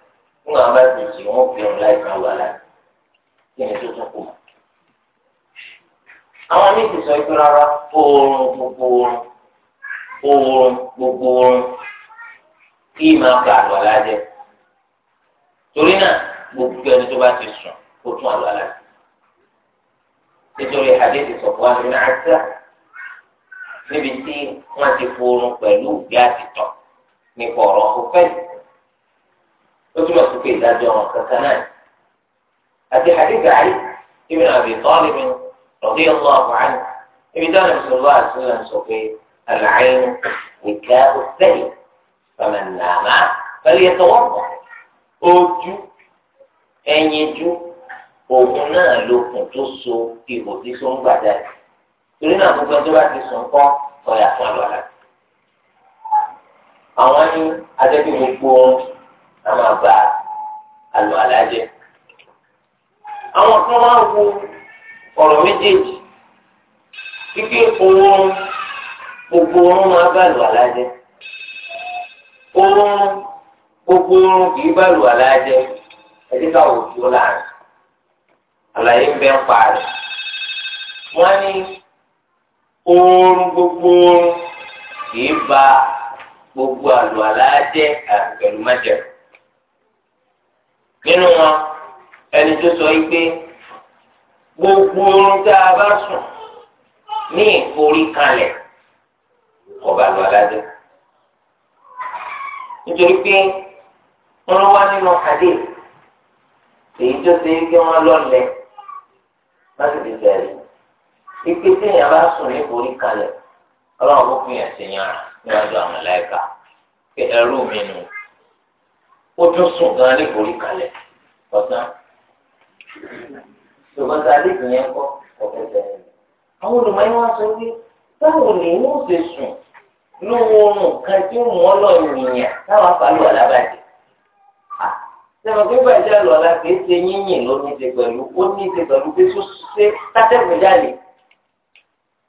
fún àwọn bá ti jí wọn fi ọ̀la ìgbà wà láti kí ni tó tún kù. àwọn míì ti sọ pé rárá oorun gbogbo oorun oorun gbogbo oorun kí máa ba àlọ́lá jẹ́ torí náà gbogbo ẹni tó bá ti sùn kó tún àlọ́lá jẹ́ nítorí àdéhùn ìsọ̀kọ́ àti náà ṣáà níbi tí wọ́n ti forun pẹ̀lú òbí àtìtọ̀ nípa ọ̀rọ̀ ọ̀fẹ́ ó túmọ̀ sí pé ìdájọ́ wọn kankan náà àti hadith Ali ibn Abi Talib radiyallahu anhu níbi táwọn ìṣòro àtúnlẹ̀ ń sọ pé àlàyé nìkà ó sẹ́yìn fọmọ nàmá pẹ̀lú ẹ̀tọ́ wọ́n pọ̀ ojú ẹ̀yinjú òun náà ló tó so ihò tí tó ń gbà jáde torí náà gbogbo ẹjọ́ bá ti sùn kọ́ ọ̀yà fún àlọ́lá. àwọn ní adébí gbogbo ohun a máa bá àlọ́lá jẹ. àwọn kan máa ń wo ọ̀rọ̀ méjèèjì kíkí oorun gbogbo oorun máa bá àlọ́lá jẹ. oorun gbogbo oorun kì í bá àlọ́lá jẹ ẹ̀jẹ̀ ká wò ó láàrin. àlàyé ń bẹ́ ń pa rẹ̀. wọ́n ní oorun gbogbo oorun kìí ba gbogbo àlọ́ aláàjẹ àti pẹ̀lú májẹ̀. nínú wọn ẹni tó sọ yìí pé gbogbo oorun tá a bá sùn ní ìforí kalẹ̀ ọba àlọ́ aláàjẹ. nítorí pé wọ́n wá nínú àdé èyí tó ṣe é kí wọ́n lọ́lẹ̀ láti fi bẹ̀rẹ̀ ike tí èèyàn bá sùn ní orí kalẹ̀ ọlọ́run ló fi hàn sí yàrá níwájú àwọn ẹlẹ́ka pé ẹrú mi nù ó tún sùn gan ní orí kalẹ̀ ọ̀sán ṣùgbọ́n tá a lè dùn yẹn kọ́ ọ̀fẹ́ tẹ̀lé àwọn olùmọ̀ọ́yìn wá sọ pé báwo ni wọ́n ṣe sùn lóhun oorun kan tí mò ń lọ yìnyín táwọn afáàlú alábàjẹ́ sẹ́wọ̀n tó bàjẹ́ lọ́la kìí ṣe yínyìn ló ní ṣe pẹ̀lú ó ní ṣe pẹ̀lú pé sọ́sẹ́ tátẹ́gùn jáde.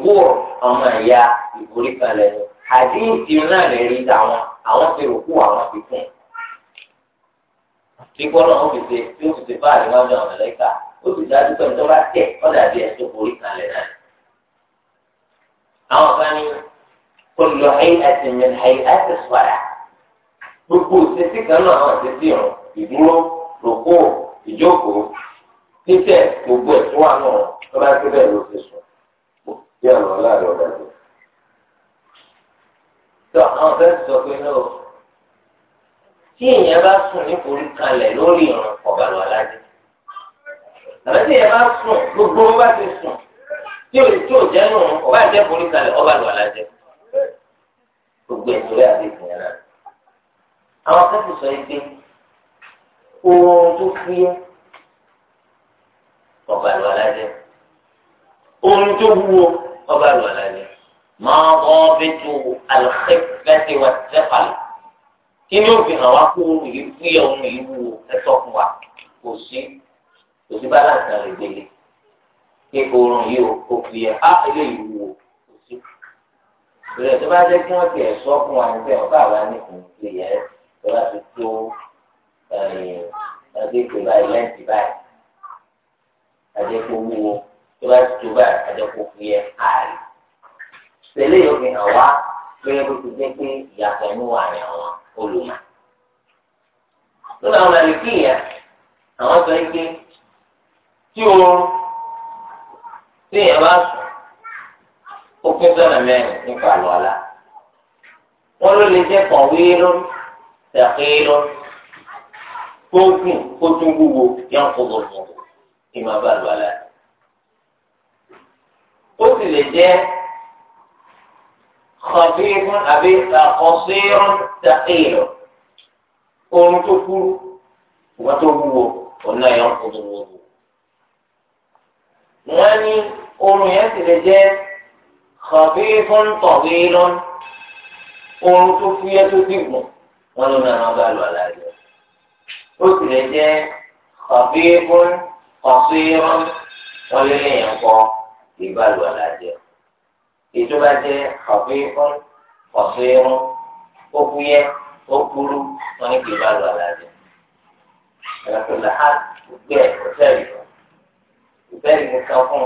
rògbò ọmọ ìyá ìforíkalẹ̀ ni àdéhìtì náà lè rí tàwọn àwọn ti rògbò àwọn ti fún un. Bíkọ́ náà ó fi ṣe tí ó fi ṣe báàlì wájú àwọn ẹ̀lẹ́ka ó sì dájú pé ìjọba tẹ̀ ọ̀dà bí ẹ̀sùn foríkalẹ̀ náà. Àwọn kan ní kullu hay'atin min hay'ati as-salah. Gbogbo òṣèṣì kan náà àwọn òṣèṣì ọ̀hún ìdúró rògbò ìjókòó títẹ̀ gbogbo ẹ̀tún wà náà lọ́ba tí àwọn aláàrẹ ọ̀dà tó. tó àwọn fẹ́ sọ pé náà tí èèyàn bá sùn ní forí kalẹ̀ lórí ìrùn ọ̀bàlù aládé àbẹ́ tí èèyàn bá sùn gbogbo wọn bá ti sùn tí ò tí o jẹ́ nù ọba ìjẹ́ forí kalẹ̀ ọ̀bàlù aládé gbogbo ìtòlẹ́ àti ìtìyàn náà. àwọn akẹ́kọ̀ọ́ sọ yìí pé oorun tó fúyẹ́ ọ̀bàlù aládé oorun tó wúwo ọba àlùwàlà ni máa bọ́ bẹ́tù àlùkẹ́fẹ́tì wà sẹ́fàlì kí ni òfin hàn wá kó òun yìí fúyẹ́ òun yìí wù ẹ̀sọ́ fún wa kò sí kò sí balance náà lè gbélé kí oorun yìí ó kó fúyẹ́ á ilé yìí wù kò sí. ìrẹ̀ tó bá jẹ́ kí wọ́n ti ẹ̀sọ́ fún wa níbẹ̀ ọba àlùwàlà ni kò sí yẹ tó bá ti tó ẹ̀ẹ́dẹ́gbẹ̀rẹ́ báyìí lẹ́ǹtì báyìí àjẹkọ̀ wúwo tó bá ti tó báyìí àjẹkù fi yẹ ààrẹ tẹ́lẹ̀ yóò fi hàn wá gẹ́gẹ́ bó ti jẹ́ pé ìyàtọ̀ inú wà ní àwọn olùmọ̀ lórí àwọn àlèkí yẹn àwọn sọ pé tí o tí èèyàn bá sùn ó pín sọ́nà mẹ́rin nípa àlọ́ àlá wọ́n ló lè jẹ́ kọ̀wé lórí tẹ̀kí lórí tó gùn kó tún wúwo ìmọ̀ bá lọ́la rẹ̀ ó sì lè jẹ́ kọ̀ọ̀fíìfún àbí àkọsíìrún tàkìlù oorun tó kúrú ìwọ́n tó wúwo ọ̀nà ẹ̀ ń kojú wúwo. wọ́n ní oorun yẹn sì lè jẹ́ kọ̀ọ̀fíìfún tọ̀wíìlú oorun tó fúyẹ́ tó dìgbò wọ́n ló náà wọ́n bá lọ àlàyé. ó sì lè jẹ́ kọ̀ọ̀fíìfún kọ̀ọ̀fíìrún wọ́n lé lẹ́yìn kọ́ kì í bá lu àlàjẹ ìjọba jẹ àfihàn ọ̀fẹ́rún ó fúyẹ́ ó kúrú wọn ní kì í bá lu àlàjẹ ẹ̀rọ̀tọ̀lá á gbé ọ̀sẹ̀rì ìbẹ́rì nìkan fún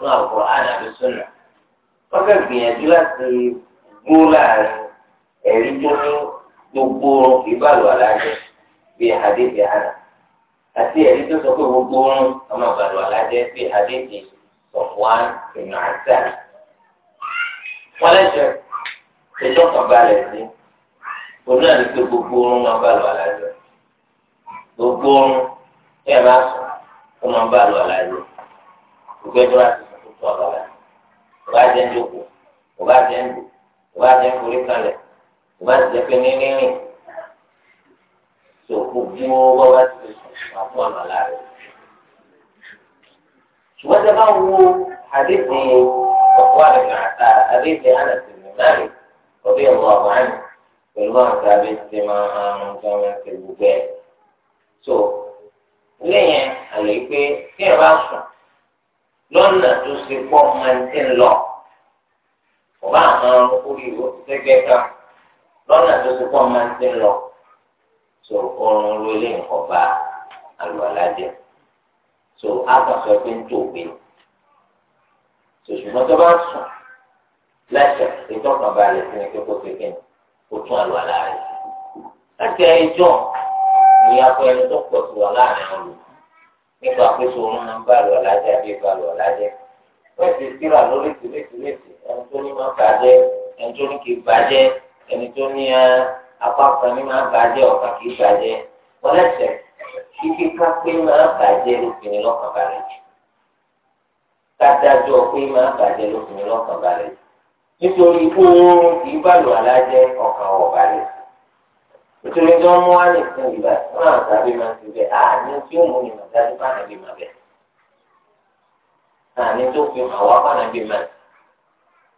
ní àwòkọ́ àdàbẹ̀sọ̀nà wọ́n fẹ́ gbìyànjú láti gbó láàrin ẹ̀rí tó ní gbogbo ìbálò alájẹ bíi àdéhìí àná àti ẹ̀rí tó sọ pé gbogbo ọmọ ìbálò alájẹ bíi àdéhìí صفوان بن عسان ولا شك ìjọba balẹ̀ sí òun náà ní pé gbogbo oorun máa bá lọ àlàyé gbogbo oorun tí ẹ máa sùn ó máa bá lọ àlàyé gbogbo ẹjọ́ láti sùn tó tọ́ ọ̀la rẹ̀ ọba jẹ́ ń jókòó ọba jẹ́ ń dùn ọba jẹ́ ń forí kalẹ̀ ọba ti jẹ́ pé ní rírìn tó gbogbo bọ́ bá ti sùn máa tọ́ ọ̀la rẹ̀ ṣùgbọ́n tẹ bá wo àdéhùn ọ̀pọ̀ àdéhùn àdéhùn ànàtì mẹ́rin ọdẹ ọmọ ọ̀hán pẹ̀lú àwọn tàbí ti máa ń jọ wọn ti gbogbo ẹ̀. so ilé yẹn àlè pé kí ẹ bá sùn lọ́nà tó ṣe pọ̀ máa ń tẹ̀ lọ ọba àwọn orí ìwọ kan lọ́nà tó ṣe pọ̀ máa ń tẹ̀ lọ so oorun ló lè ń bá àlùwàlá jẹ́ so àkànṣe pé ń tó gbé so ṣùgbọ́n tó bá sùn lẹ́sẹ̀ ìtọ́kàn balẹ̀ sí ni pé kó ṣe kí ni kó tún àlọ́ àlá rẹ̀ láti ẹjọ́ ní akọ ẹni tó pọ̀ sí wa láàrin àwọn olùkọ́ nípa pé sọ wọn máa ń bá àlọ́ àlájẹ àbí bá àlọ́ àlájẹ wọ́n ti síra lórí tìrẹ́tìrẹ́tì ẹni tó ní máa bàjẹ́ ẹni tó ní kì í bàjẹ́ ẹni tó ní apá kan ní máa bàjẹ́ ọ̀kan kì í bàjẹ́ wọ́n lẹ́sẹ̀ kíkí ká pé máa bàjẹ́ lóbìnrin lọ́kàn balẹ̀ jù kádájọ́ pé máa bàjẹ́ lóbìnrin lọ́kàn balẹ̀ jù nítorí oorun kì í bàlù alájẹ́ ọkàn ọ̀balẹ̀ nítorí tí wọ́n mú wá lè fún ìgbà tí wọ́n àtàbí máa ti bẹ̀ àní tí ó mú ni màá dájú bá nàbí máa bẹ̀ àní tó fi hàn wá bá máa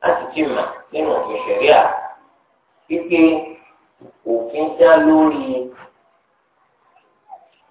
láti ti mà nínú òfin ṣẹ̀ríà kíkí òfin dá lórí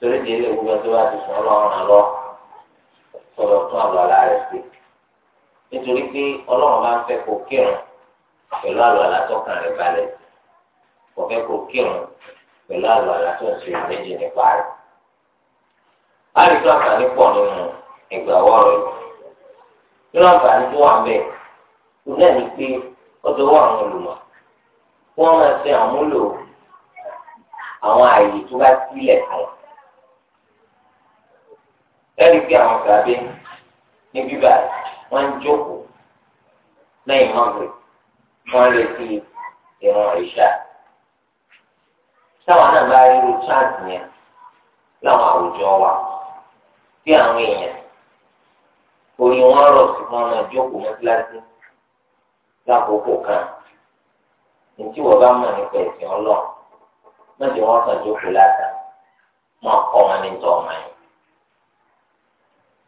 torí di ilé gbogbo tó bá ti sùn ọlọ́run lọ sọ̀rọ̀ tún àlọ́ àlá rẹ̀ sí nítorí pé ọlọ́run bá ń fẹ́ kó kírun pẹ̀lú àlọ́ àlá tọkàn rẹ̀ balẹ̀ kò fẹ́ kó kírun pẹ̀lú àlọ́ àlá tó ń ṣe méjì nípa rẹ̀. àríkú àǹfààní pọ̀ nínú ìgbàwọ́ rẹ̀ nínú àǹfààní tó wà bẹ́ẹ̀ kò náà ní pé ọjọ́ wà àwọn olùmọ̀ wọ́n máa ṣe àmúlò àwọn àyè tó bá sílẹ̀ fún ẹ̀rí pé àwọn sàbẹ ní bíbá wọn ń jókòó lẹ́yìn mọ́tò wọn retí ìrun ìṣá táwọn náà bá rí irú yẹn láwọn àwùjọ wa tí àwọn èèyàn orí wọn rọ̀ sí wọn náà jókòó mọ́tíláṣí lákòókò kan ntí wọ́n bá mọ̀ nípa ẹ̀sìn wọn kàn jókòó látà wọn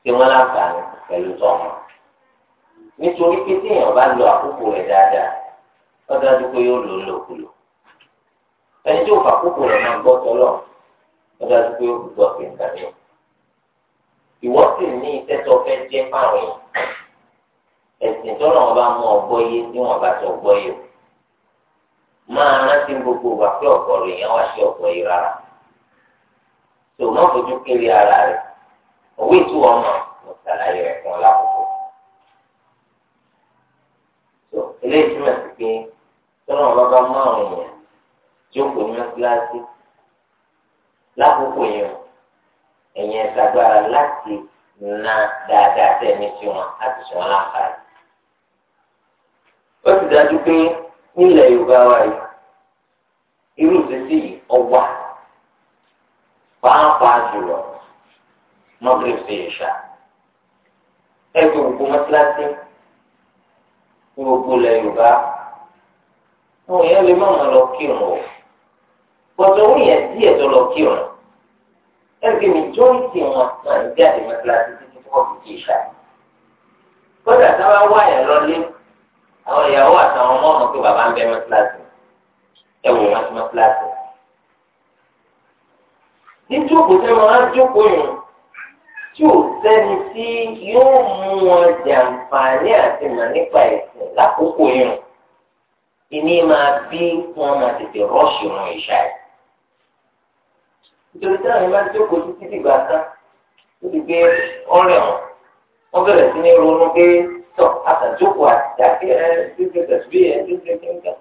ṣe wọn láǹfààní pẹ̀lú tọmọ nítorí pé bá lo àkókò rẹ dáadáa wọn dájú pé yóò lò ó lòkulò ẹni tí ò fà àkókò rẹ̀ máa gbọ́ tọlọ wọn dájú pé yóò gbọ́ sí ìwọ sì ní iṣẹ́ jẹ fáwọn bá mú ọgbọ yé bá yìí máa rántí gbogbo wà ara òwe tí wọn mọ mo ṣàlàyé rẹ̀ fún ọ lákòókò tó eléyìí túmọ̀ sí pé tọ́nà bàbá márùn yẹn jókòó ní kíláàsì lákòókò yẹn ẹ̀yìn ẹ̀sàgbára láti na dáadáa tẹ̀mí sí wọn láti sọ wọn láǹfààní. ó ti dájú pé nílẹ̀ Yorùbá wa yìí irú ìṣesí yìí ọwà pàápàá jùlọ magreth ṣe ìṣá ẹ fi gbogbo mọ́tíláṣí ní gbogbo ilẹ̀ yorùbá àwọn èèyàn lè má mọ̀ lọ kírun o pọ̀tọ́ wọ́n yẹn díẹ̀ tó lọ kírun ẹ fi mìjọ́rìtì wọn náà ń jáde mọ́tíláṣí títí tó fi kí ìṣá kódà táwa wá yẹn lọlé àwọn ìyàwó àtàwọn ọmọ ọmọ pé bàbá ń bẹ mọ́tíláṣí ẹ wò wọ́n sí mọ́tíláṣí. ní jókòó tẹ́ wọ́n á jókòó yùn tí ò sẹ́ni tí yóò mú wọn jàǹfààní àti mà nípa ẹ̀sìn lákòókò yẹn ìní máa bí wọn máa tètè rọ́ọ̀ṣì wọn ìṣá ẹ̀. nítorí táwọn yẹn máa jókòó títí dìgbà kan ó ti gbé ọ̀rẹ́ wọn wọ́n bẹ̀rẹ̀ sí ní ronú pé tọ́ àtàjókòó àti àti ẹ̀ ṣíṣe tẹ̀síbí ẹ̀ ṣíṣe kẹ́kẹ́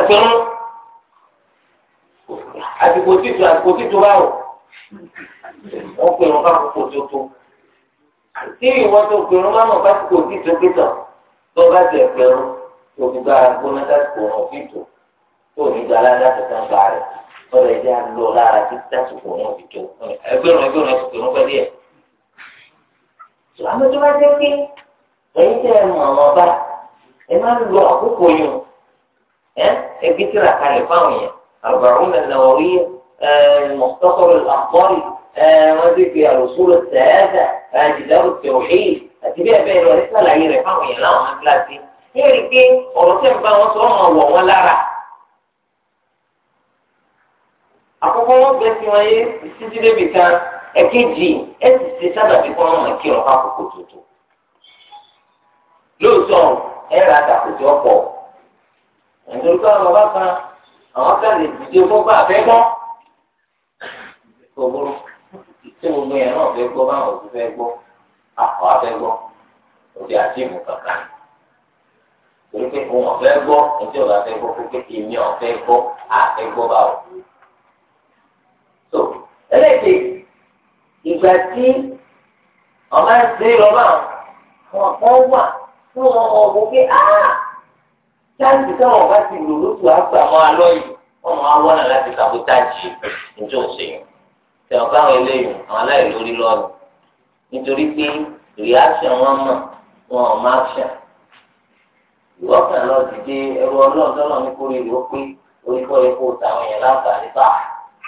ẹgbẹ̀rún àtìkò títù àtìkò títù báwò wọ́n pè wọ́n bá kókó tó tó tí ìwọ́n tó pè wọ́n bá mọ̀ bá kókó tí tó pé tán tó bá tẹ̀ pẹ̀rún òkúta gbóná sásìkò wọn fi tó tó ní gba aládá tẹ̀sán gba rẹ̀ lọ́dọ̀ ẹ̀jẹ̀ á lọ lára tí sásìkò wọn fi tó ẹgbẹ̀rún ẹgbẹ̀rún ẹ̀sìn pẹ̀rún pẹ̀lú ẹ̀. àmọ́ tó bá jẹ́ pé ẹ̀yin tẹ́ ẹ mọ̀ àwọn ọba ẹ máa ń lo àkókò yẹn ẹ ẹgbẹ́ tíra kalẹ̀ fáwọn yẹn àgbàrún ẹ̀ nàwọ̀rí ẹ̀ mọ̀tọ́kọ̀rọ̀ àkọ́rì wọ́n ti fi àròsúrò sẹ́ẹ̀dà àjìdáwò tòhìn àti bí ẹ̀bẹ́ ìlú ẹ̀sìn àlàyé rẹ̀ fáwọn èèyàn láwọn kíláàsì yẹ́rì pé ọ̀rọ̀ tẹ̀ ń bá wọn sọ ọmọ wọ̀ wọn lára. àkọ́kọ́ wọn bẹ sí wọn yé títí débi kan ẹ̀kejì ẹ̀ sì ṣe sábàbí kọ́ ọmọ kí ọ̀pá kòkó tuntun. lóòótọ́ ẹ̀ rà àtàkùtì ọ̀pọ̀ ẹ̀ńdọ́rọ́ kọ́ àwọn bàbá kan àwọn tí gbogbo yẹn náà fẹ́ gbọ́ báwọn òbí fẹ́ gbọ́ àwọn afẹ́ gbọ́ òbí àti ìmù torí pé òun ọ̀fẹ́ gbọ́ ẹjọ́ ọ̀gá fẹ́ gbọ́ pé èmi ọ̀fẹ́ gbọ́ àfẹ́ gbọ́ báwọn. so ẹlẹ́dẹ̀ ìgbà tí ọ̀gá ń ṣe lọ́wọ́ àwọn kan wà tí wọ́n mọ̀ pé táàgì táwọn ọ̀gá ti lò lóṣù àgbà máa lọ yìí wọ́n máa wọ́n náà láti sàbótájì níjọ́ òṣèlú tẹ̀wọ́n káwọn eléyìí àwọn aláìlórí lọ́rùn nítorí pé reaction wọn mọ̀ wọn ò má ṣà ìwọ kan lọ dìde ẹrù ọlọ́run tọ́lọ̀ ní kórè ló pé orí kọ́ epo táwọn èèyàn láǹfààní bá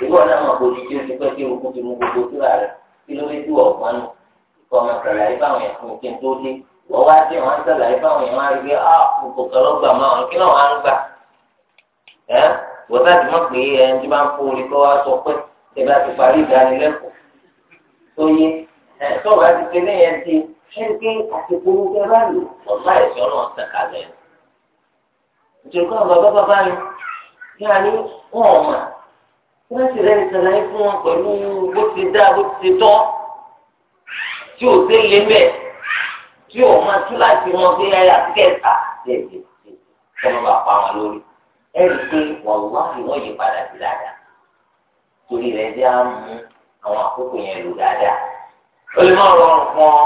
ìwọ náà mọ̀ kó dìde oṣù pẹ́ kí orúkú ti mú gbogbo síra rẹ̀ kí ló dé tí wọ́n gbọ́n nù ìkọ́ ọmọ sàlàyé báwọn èèyàn fún kí n tó dé wọ́n wá dé wọn sàlàyé báwọn èèyàn wá rí pé á ah, kò kọ́ lọ́gbà máa wọn kí náà wọ́n á ń gbà ẹ́ wọ́n sá ti mọ̀ pé ẹni tí bá ń fún orí kọ́ wá sọ pé ìbá ti parí ìdánilẹ́kọ̀ọ́ tó yé ẹ̀sọ́ wa ti pé lẹ́yìn ẹtì ṣẹ́ńkì àti polúkẹ́ bá lò ọ̀gá ẹ̀sọ́ náà tẹ̀ka lẹ́nu. ìjọba bàbá bàbá mi yára ní wọn ò mà kí wọ́n sì rẹ́ni sàlàyé fún wọn pẹ̀lú bó ti dá bó ti tọ́ tí ò sí lé mẹ́ tí ò máa tú láti wọn bí ayé àti kẹta lẹ́yìn tí wọ́n bá pa wọn lórí ẹ̀rí torí rẹ̀ jẹ́ àmú àwọn àkókò yẹn lò dáadáa. ó lè má rọrùn fún ọ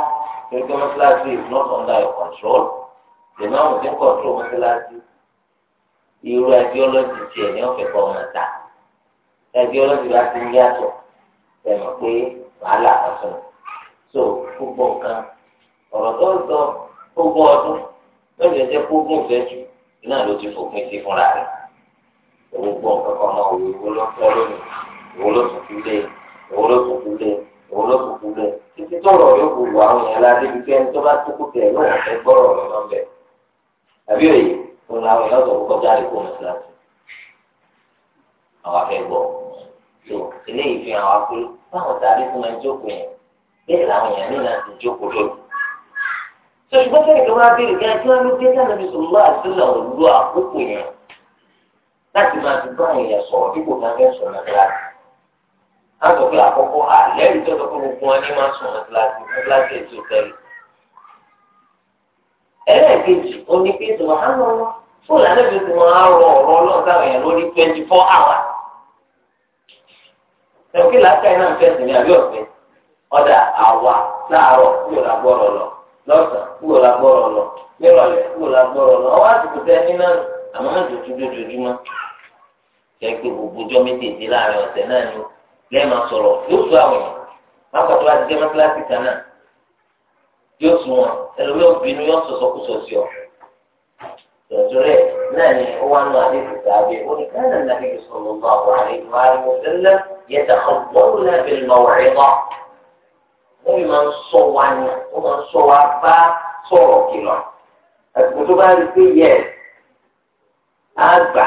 pẹ̀lú mọ́sálásí is not under your control the man who dey control mọ́sálásí irú ideology tiẹ̀ ní ọ̀fẹ́ kọ́ ọmọ ta ideology bá ti ń yàtọ̀ tẹ̀mọ̀ pé wàhálà kan sùn so gbogbo nǹkan ọ̀rọ̀ tó ń sọ gbogbo ọdún lọ́jọ́ jẹ́ gbogbo ìfẹ́jú iná ló ti fòpin sí fúnra rẹ̀ gbogbo nǹkan kan náà wò ó lọ́pọ̀ lónìí ìwọ ló sùn fílẹ̀ ìwọ ló títí tọrọ yóò gbogbo àwọn yẹn ládé bí kẹ́ni tó bá tó kó tẹ̀ wọ́n fẹ́ gbọ́rọ̀ lọ́nà bẹ̀. àbí òye fún làwọn yẹn lọ́sọ̀ kọ́kọ́ jáde kó mọ̀síláṣí àwọn afẹ́ tó eléyìí fi hàn wá pé báwọn tàbí fún ẹ jókòó yẹn bẹ́ẹ̀ làwọn yẹn ní láti jókòó lónìí sọ̀rọ̀ àdúrà láti ọ̀gbẹ́ àkọ́kọ́ alẹ́ ìjọba kó gbogbo wọn ní máa sùn wọn gíláàsì wọn gíláàsì ètò ìtẹ́lẹ̀. ẹlẹ́ẹ̀kejì oníkejì wà á lọ lọ fóònù anábì tí wọ́n á rọ ọ̀rọ̀ ọlọ́run táwọn èèyàn lórí twenty four hours. ẹ̀wọ̀n kí àbí ọ̀fẹ́ ọ̀dà àwa láàárọ̀ kúrò lágbọ́rọ̀ lọ lọ́sàn-án kúrò lọ nírọ̀lẹ́ kúrò lágbọ́rọ̀ lọ ọwọ́ nínú àmọ́ gbogbo ọjọ́ méjèèjì láàrin ọ̀sẹ̀ náà ni lẹ́ẹ̀ma sọ̀rọ̀ yóò tún àwọn yẹn mákò tó bá ti dé mọ́tíláàsì kan náà yóò tún wọn ẹlòmíràn bínú yóò sọ̀sọ̀ kó sọ̀ sí ọ. tòtúrẹ́ náà ni ó wá nù ade àdéhùn sábẹ́ ó ní káyọ̀ náà nàbí sọ̀rọ̀ lọ́wọ́ àwọn àlejò àríwó tẹ́lẹ̀ yẹ dàkọ̀gbọ́n náà bẹ̀rẹ̀ lọ́wọ́ rẹ̀ lọ. wọ́n mi máa ń sọ wa ni wọ́n máa ń sọ wa bá sọ̀rọ̀ kìlọ̀ àtùkù tó bá àgbà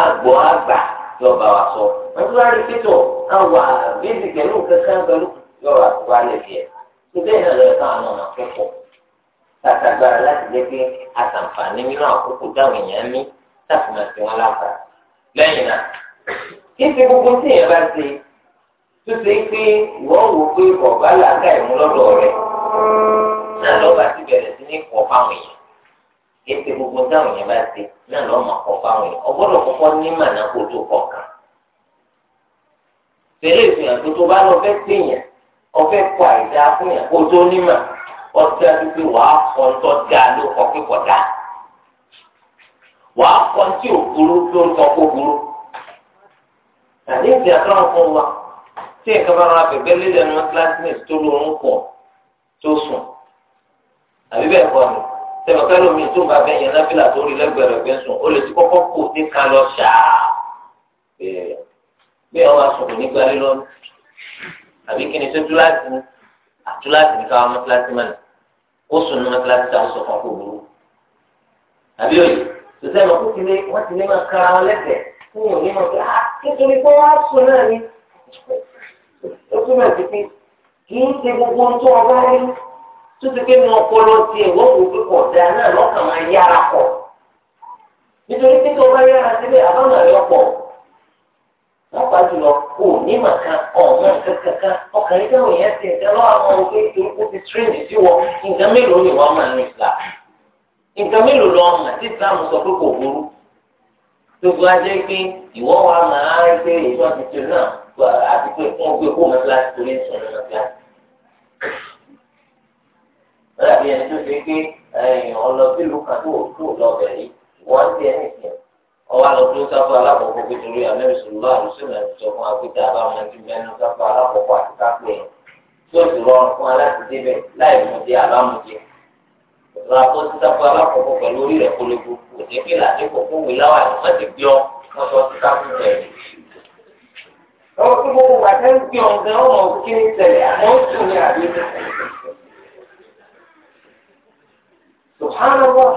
àgbọ̀ àgbà yóò wa sọ̀rọ̀. ẹtú wá rí pétọ àwà bíbí pẹ̀lú kankan pẹ̀lú yọrọ àtúwá lẹbi ẹ síbẹ̀ náà lọ́yẹ̀ káwọn ọmọ akẹ́kọ̀ọ́ látàgbára láti jẹ́ pé àtàǹfààní nínú àkókò dáwọn èèyàn ní láti máa fi wọn láfa lẹ́yìn náà kí ti gbogbo tí èèyàn bá ṣe tó ṣe pé wọ́n wò pé ọ̀gá làákà ìmú lọ́dọ̀ rẹ̀ náà lọ́ọ́ bá ti bẹ̀rẹ̀ sí ní kọ́ fáwọn èèyàn kí ti gbogbo táwọn èèyàn bá ṣe náà lọ́ọ́ máa kọ́ fáwọn èèyàn ọgbọ́dọ̀ kọ́kọ́ ní mànà kó tó kọ̀ọ̀kan tẹ̀lé ìfihàn tó tó bá lọ fẹ́ pèèyàn ọfẹ́ kọ àìdá fún yàn kó tó nímà ọtí àtúntò wàá kọ́ ńtọ́ dáa ló kọ́ kíkọ́ dáa wàá kọ́ ntí òkúrú tó ń tọ́ kó burú àní ìsìn àtọ́nà fún wa tí ẹ̀ka bá rọra bẹ̀bẹ̀ lélẹ̀ ní classmate tó lóorun pọ̀ tó sùn àbí bẹ́ẹ̀ kọ́ ni tẹ̀wọ́kẹ́ lómi tó bá bẹ́ẹ̀ yẹn náfìlà tó rí lẹ́gbẹ̀rẹ̀ gbẹ̀sùn ó lè ti kọ́kọ́ kó ní kan ṣáá bí ọmọ asọ̀kò nígbà rí lọ́nù àbí kí ni tó túláàsì ní àtúláàsì ní káwọn mọ́tíláàsì mọ́ni ó sùn ní mọ́tíláàsì táwọn sọ fún ọkọ̀ òwúrò àbí òye tòṣẹ́ ìmọ̀ kókì ní wọ́n ti ní máa kára wọn lẹ́sẹ̀ fún òní mọ̀ pé á ah, nítorí pé wọ́n á sùn náà ni ó túmọ̀ sí pé kì í ṣe gbogbo tó ọba rí tó ti pé nu ọpọlọ tiẹ̀ wọ́n kò fi pọ̀ dáa náà lọ́kàn máa yára pọ̀ nítorí wọ́n pa jùlọ kò ní màkà ọ̀mọ́ kankankan ọkàn yìí dáhùn yẹn ti ẹ̀jẹ̀ lọ́wọ́ àwọn òwe ìdókòwò ti tírèmì sí wọ nǹkan mélòó ni wọ́n máa ní ìlà nǹkan mélòó lọ́wọ́ mà tí ìsìlámù sọ pé kò burú gbogbo ajé pé ìwọ́ wa máa ń gbé ìjọ tuntun náà àti pé fún ọgbẹ́ kó máa láti torí ìsìn náà gbà. wọ́n dàbí ẹni tó ṣe pé ọlọ́bílù kan tó lọ bẹ̀rẹ̀ wọ́n ti ẹni sìn ọwọ́ àlọ́dún sáfù alákọ̀ọ́kọ́ pé torí ànábì sọ̀rọ̀ àlùsọ̀nà sọ fún akéde abámọ́jú mẹ́nu sáfù alákọ̀ọ́kọ́ àti sáfù ẹ̀ tó sì rọrùn fún aláti débẹ̀ láì mú di abámọ́jú ọ̀rọ̀ àkọsí sáfù alákọ̀ọ́kọ́ pẹ̀lú orí rẹ̀ polówó kò jẹ́ kí làdé kòkó wí láwà ní wọ́n ti gbé ọ wọ́n sọ sí sáfù rẹ̀. ọwọ́ tí mo wà tẹ́ ń gbé ọ̀gá ọmọ kí tẹ̀lé àmọ́ sùn ní àbí subhanallah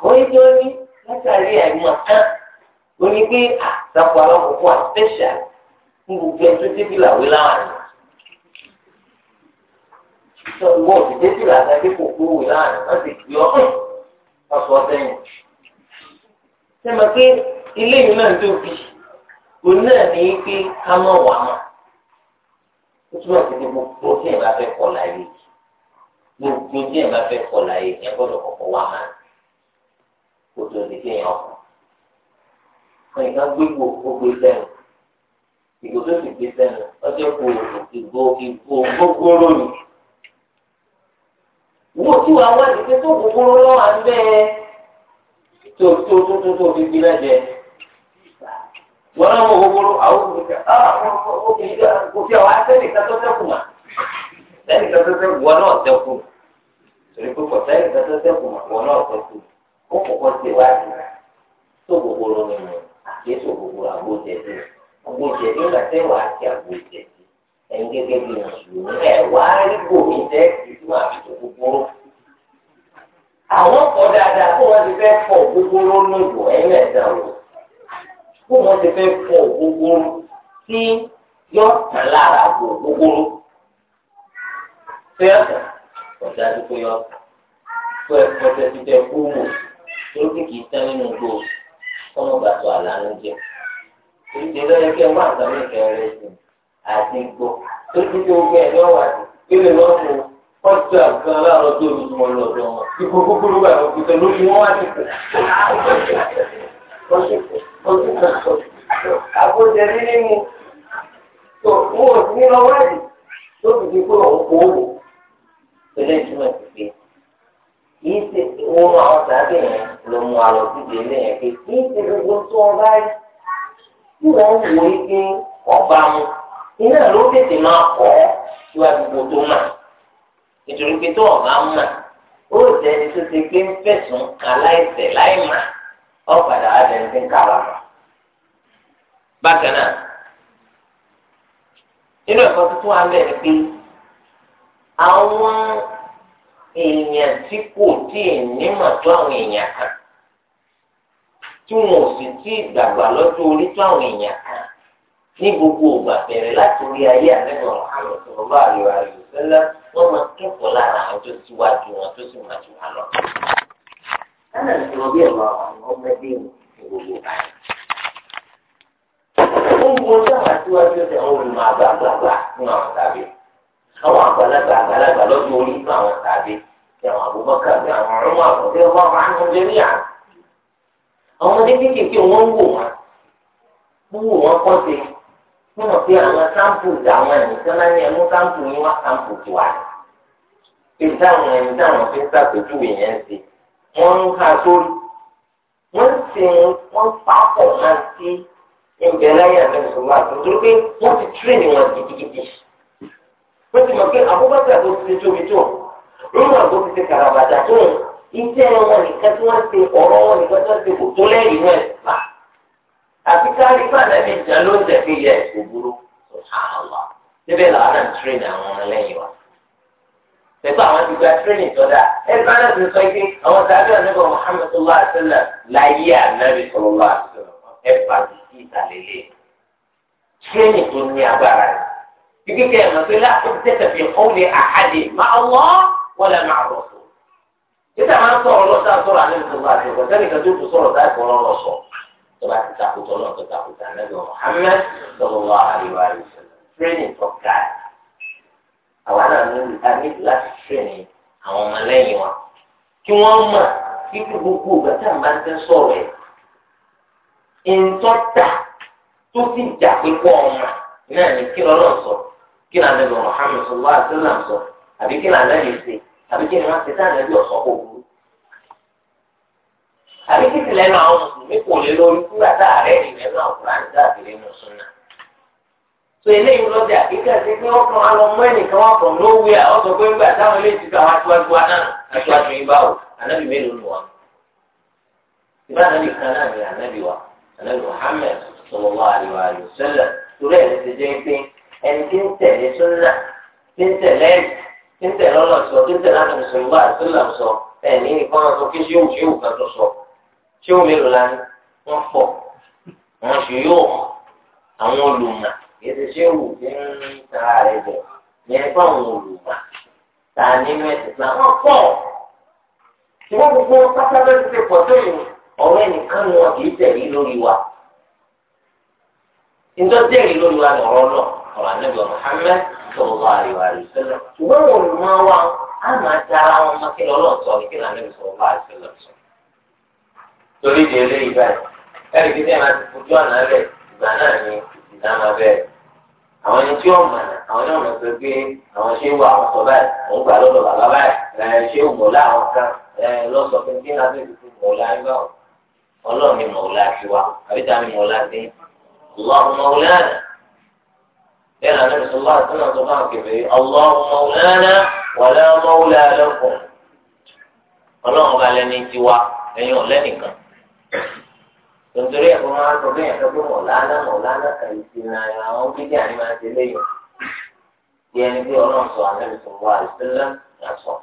àmọ́ ìjọ ní látàrí àìmọ̀ kan ó ní pé àtàkùn alákòókò àtẹ̀ṣà ń gbogbo ẹjọ́ débi làwé láwọn àná. sọ ìwọ òsì débi làwọn àti kò kó wò láwọn àná láti gbé ọ wọn sọ sẹ́yìn. ṣé mo pé ilé yìí náà tóbi òun náà ní pé ká mọ̀ wà mọ́ ó túmọ̀ sí pé gbogbo tí ẹ̀ bá fẹ́ kọ̀ láyé gbogbo tí ẹ̀ bá fẹ́ kọ̀ láyé ẹ̀ gbọ́dọ̀ kọ̀kọ̀ wà máa kò tó kéèyàn ọkọ wọn ìka gbégbó ó gbé sẹ́nu sì gbé sẹ́nu ọjọ́ kò ìgò ìgò gbogbooro ni wo tí wàá wá tó gbogbooro lọ́wọ́ à ń bẹ́ẹ̀ tó tó tó tó tó fi gbilẹ̀ jẹ wọn náà wọ gbogbooro àwọn òkè òkè òkè àwọn asẹ́nìkan tó sẹ́kù mà sẹ́nìkan tó sẹ́kù wọn náà sẹ́kù torí pé kò sẹ́nìkan sẹ́kù mà wọn náà sẹ́kù ó kọ́kọ́ ṣe wádìí rẹ̀ tó gbogbo lómi mu àti tó gbogbo àgbo jẹ̀dí àgbo jẹ̀dí ńlá tẹ́ wàá ti àgbo jẹ̀dí ẹ̀yin gẹ́gẹ́ bí mùsùlùmí ẹ̀ wàá rí gòmí jẹ́ ìdúró àti tó gbogbo àwọn kọ dáadáa kó wọn ti fẹ́ fọ gbogbo lónìbò ẹ̀yìn ẹ̀dá o kó wọn ti fẹ́ fọ gbogbo tí yọ tàn lára gbogbo fẹ́ẹ̀tàn ọ̀dájú pé yọ fẹ́ẹ̀ fẹ́ẹ́ ti tẹ kúrò torí pé kì í tán nínú gbó kọ́mọ bá tó àlànà jẹ torí pé lọ́yẹ kí ẹ má àtàwọn ìkẹrẹ sí àti gbó torí pé kí ogun ẹ̀ ní ọ̀wà kí lè lọ́ fún wọ́n ti àgbọn aláàrọ̀ tó omi tó wọn lọ sọ wọn ikú kúkúrú bá wọn kú sọ lórí wọn wá ti kù àkójẹ nílé mu tó wọn ò ní lọ wáyé tó fi di kúrò òkú òwò tẹ́lẹ̀ tí ti fi. kì í ṣe wọn àwọn sàbẹ yẹn ló mú àlọ síbi ilé kì í ṣe gbogbo tó wọn báyìí tí wọn ọba mu iná ló tètè máa ọ síwájú gbogbo tó mà nítorí pé tó ọba mà ó ẹni tó ti gbé ń fẹ̀sùn ọ ń bákan náà nínú ẹ̀kọ́ èèyàn tí kò tí ì nímọ̀ tó àwọn èèyàn kan tí wọn ò sì tí ì lọ́jọ́ orí tó àwọn èèyàn kan ní gbogbo ògbà bẹ̀rẹ̀ láti orí ayé àlẹ́gbọ̀n àlọ́ tó àríwá rẹ̀ wọ́n máa kẹ́kọ̀ọ́ lára àwọn tó wọn tó sì máa jù lọ. bí àwọn àgbàlagbà àgbàlagbà lọ́jọ́ orí fún àwọn tàbí ti àwọn Abubakar bí àwọn ọ̀rùnmọ́ àkọsí ọmọ àwọn ànúndínlẹ́yà àwọn ọmọdé kéékèèké wọn ń wò wọn wíwò wọn pọ̀ sí i wọn fi àwọn sáǹpù dàwọn ẹ̀mí sọ́nà ní ẹnu sáǹpù ní wọn sáǹpù ti wà ní. èyí táwọn ẹ̀mí táwọn fi ń ṣàpèjúwe yẹn sí wọn ń ká sórí wọn sì wọn papọ̀ máa sí ìbẹ̀rẹ̀ yẹn lẹ́sùn wá wọ́n ti mọ̀ pé abúgbàgbà tó ti tóbi tó nínú àgbo ti ti kàràbàtà tó iṣẹ́ wọn nìkan tí wọ́n ti ọ̀rọ̀ wọn nìkan tí wọ́n ti kò tó lẹ́yìn wọn ẹ̀fà àti kárí fàlẹ́bí ìjà ló ń tẹ̀sí yẹ òbúrú ṣàlọ́ síbẹ̀ làwọn náà àwọn ọmọ wa pẹ̀lú àwọn ti gba tírèdì tọ́da ẹgbẹ́ náà ti sọ pé àwọn sábẹ́ ọ̀nẹ́bọ̀ Muhammad sọlá láyé ànábì sọlá àṣẹlẹ ẹ̀fà ti sí ìtàlélẹ̀ tírèdì tó ní agbára rẹ̀ kíkẹ́ kẹ́ ẹ̀mọ́ pé láti tẹ̀sẹ̀ fi qawli ahadi ma'a Allah wala ma'a rasul. títà máa ń sọ̀rọ̀ lọ́sà sọ̀rọ̀ alẹ́ nìkan bá ti rọ̀ sẹ́ni kan tó tún sọ̀rọ̀ táì kọ́ lọ́rọ̀ sọ tó bá ti takùtọ̀ lọ tó takùtà nẹ́bí Muhammad sallallahu alaihi wa sallam training for guy. àwa náà ní ìta ní láti training àwọn ọmọlẹ́yìn wa kí ń bá tẹ́ sọ̀rọ̀ ń tọ́ta tó ti jà pé kọ́ ọmọ náà ní kí lọ́lọ́ sọ̀rọ̀ kí ni ànábì Muhammad sallallahu alaihi wasallam sọ àbí kí ni ànábì ṣe àbí kí ni wọn ṣe sáà nàbí ọsọ kò burú àbí kí ti lẹ́nu àwọn mùsùlùmí kò lè lórí kúrò tá ààrẹ rìn lẹ́nu àwọn kúránì káàkiri nínú súnà so eléyìí lọ́jà kíkà sí pé wọ́n kàn án lọ mú ẹnìkan wọn kàn lówùú à ọ̀sọ̀ pé ńgbà táwọn ilé ìtìkà wọn aṣáájú wa náà aṣáájú yín báwò ànábì mélòó ni wọn. ìbá ẹni tí ń tẹ̀lé súnà tí ń tẹ̀lé tí ń tẹ̀lé ọ̀nà sọ tí ń tẹ̀lé àtàkùn sọ̀rọ̀ àti ìlà sọ ẹ̀mí nìkan sọ kí ṣéwù ṣéwù kan tó sọ ṣéwù mélòó la ní wọ́n pọ̀ wọ́n ṣe yóò àwọn olùmọ̀ ètò ṣéwù ti ń tara rẹ̀ jẹ yẹn fún àwọn olùmọ̀ ta nínú ẹ̀sìn náà wọ́n pọ̀ ṣùgbọ́n gbogbo pátá lọ́sí ti pọ̀ tó ọ̀rẹ́ nìkan ni wọn kì í tẹ̀lé lórí wa ìjọ tẹ̀lé lórí wa lọ̀rọ̀ náà ọ̀rọ̀ ànábì Muhammad sallallahu alaihi wasallam ṣùgbọ́n wọn ò máa wá á máa dára wọn máa kí lọ́lọ́ sọ kí lànàbì sallallahu alaihi wasallam sọ. torí di eléyìí báyìí ẹ̀rí kí sẹ́yìn máa ti fojú àná rẹ̀ ìgbà náà ni ìdá máa bẹ̀rẹ̀ àwọn ẹni tí ó mọ̀ àwọn náà mọ̀ pé pé àwọn ṣé wà àwọn sọ báyìí òun gbà lọ́dọ̀ bàbá báyìí ṣé òmùlá àwọn kan lọ́sọ̀ pé kí náà bẹ̀rẹ̀ fún mọ̀ọ́lá ẹgbẹ́ ọ̀hún ọlọ́run ni mọ̀ọ́lá ti wá àbí ta ni mọ̀ọ́lá ń lọ́ọ́ mọ̀ọ́lá náà. لأن النبي صلى الله عليه وسلم تقام كبير الله مولانا ولا مولى لكم ọlọ́run bá lẹni tí wá ẹ̀yin ọ̀lẹ́nìkan tòǹtòrí ẹ̀kọ́ máa ń sọ bẹ́ẹ̀ ẹ̀kọ́ pé mọ̀lánà mọ̀lánà na àwọn bíbí àní máa ti léyìn bí ẹni pé ọlọ́run sọ ànábì tó wá àìsílẹ̀ àṣọ.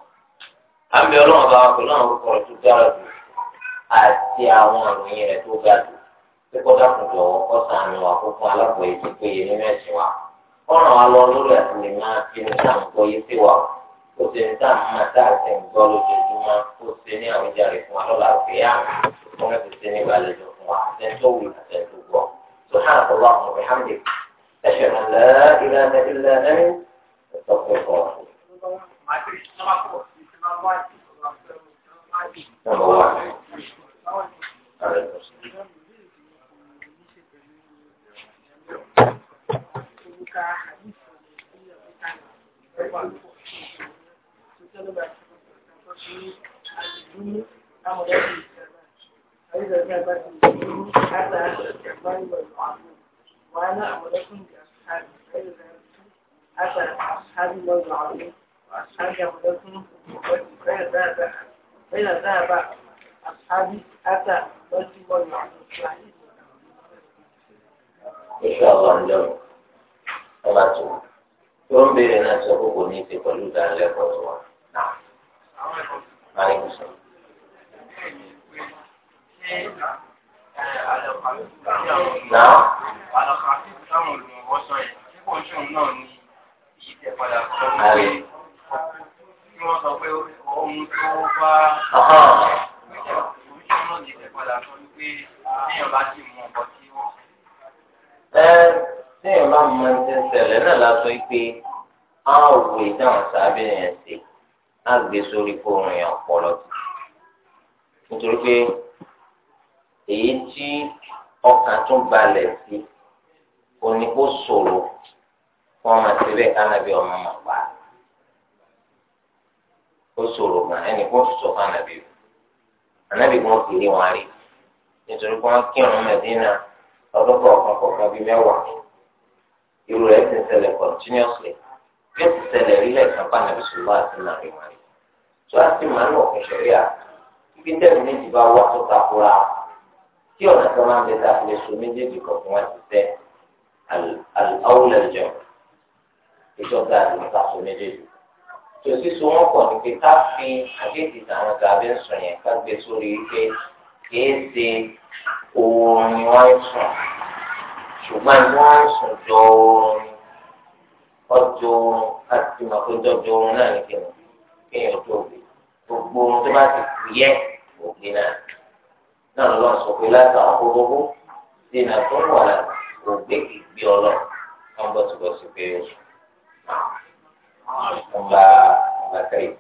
àmì ọlọ́run ọ̀ràn wa lọ lórí àtìlẹ́ máa fi ní sáà ń gbọ́ yé sí wa ó ti ń sáà máa sáà ti ń gbọ́ lójoojúmọ́ ó ti ní àwọn ìjà rẹ̀ fún wa lọ́la òfin yá wọn ti ti ní ìbàlẹ̀ jọ fún wa àtẹ̀tọ́ wù àtẹ̀tọ́ gbọ́ سبحانك اللهم وبحمدك أشهد أن لا إله إلا أنت أستغفرك وأتوب إليك وأنا أمركم بأصحابي فإذا ذهبتم أتى أصحابي الله العظيم وأصحابي أمركم فإذا ذهب أصحابي أتى رجل الله العظيم إن شاء الله نعم ọba tó tó ń béèrè náà sọ kókò ní ìṣe pẹ̀lú ìdánilẹ́kọ̀ọ́ tó wà náà. Náà. Àlọ́kàtì táwọn olùmọ̀wọ́ sọ yẹn, tí kò ń ṣòun náà ni ìyípadà sọ pé wọ́n sọ pé ohun tó bá. sàábì yẹn ṣe á gbé sórí fóònù yẹn ọpọlọ nítorí pé èyí tí ọkàn tún balẹ̀ sí òní kó ṣòro fún ọmọ àti bẹ́ẹ̀ ọmọ mọ̀ pa ó ṣòro gan ẹnì kó sọ kánábì ànábì kan kì í rí nítorí pé mẹ́dínà ọdún kọ̀ọ̀kan kọ̀ọ̀kan bíi mẹ́wàá irú rẹ̀ ti ń bẹ́ẹ̀ ti ṣẹlẹ̀ rí lẹ́ẹ̀kan bá nàbí sùlọ́ àti nàbí wọn rí tó a ti máa ń lọ fún à ibi tẹ́lẹ̀ méjì bá wà tó takora tí ọ̀nà kan máa ń bẹ tá a fi lè so méjèèjì kan fún wa ti tẹ́ àwùlẹ̀ jẹun ìjọba àti nípa so méjèèjì tó sì so wọn pọ̀ ní pé ká fi àdéhìí àwọn gàbẹ́ sùn yẹn ká gbé sórí wípé kìí ṣe oorun ni wọ́n ń sùn ṣùgbọ́n ọjọ́ oorun àti ìmọ̀kójọ́ ọjọ́ oorun náà ní kíni kéèyàn tó gbé gbogbo oorun tó bá ti kú yẹ ògbé náà náà lọ sọ pé láti àwọn kókókó dènà tó wà ògbé kì ọlọ wọn bọ síbọ sí pé oṣù nọ́mbà nọ́mbà tẹ̀lé.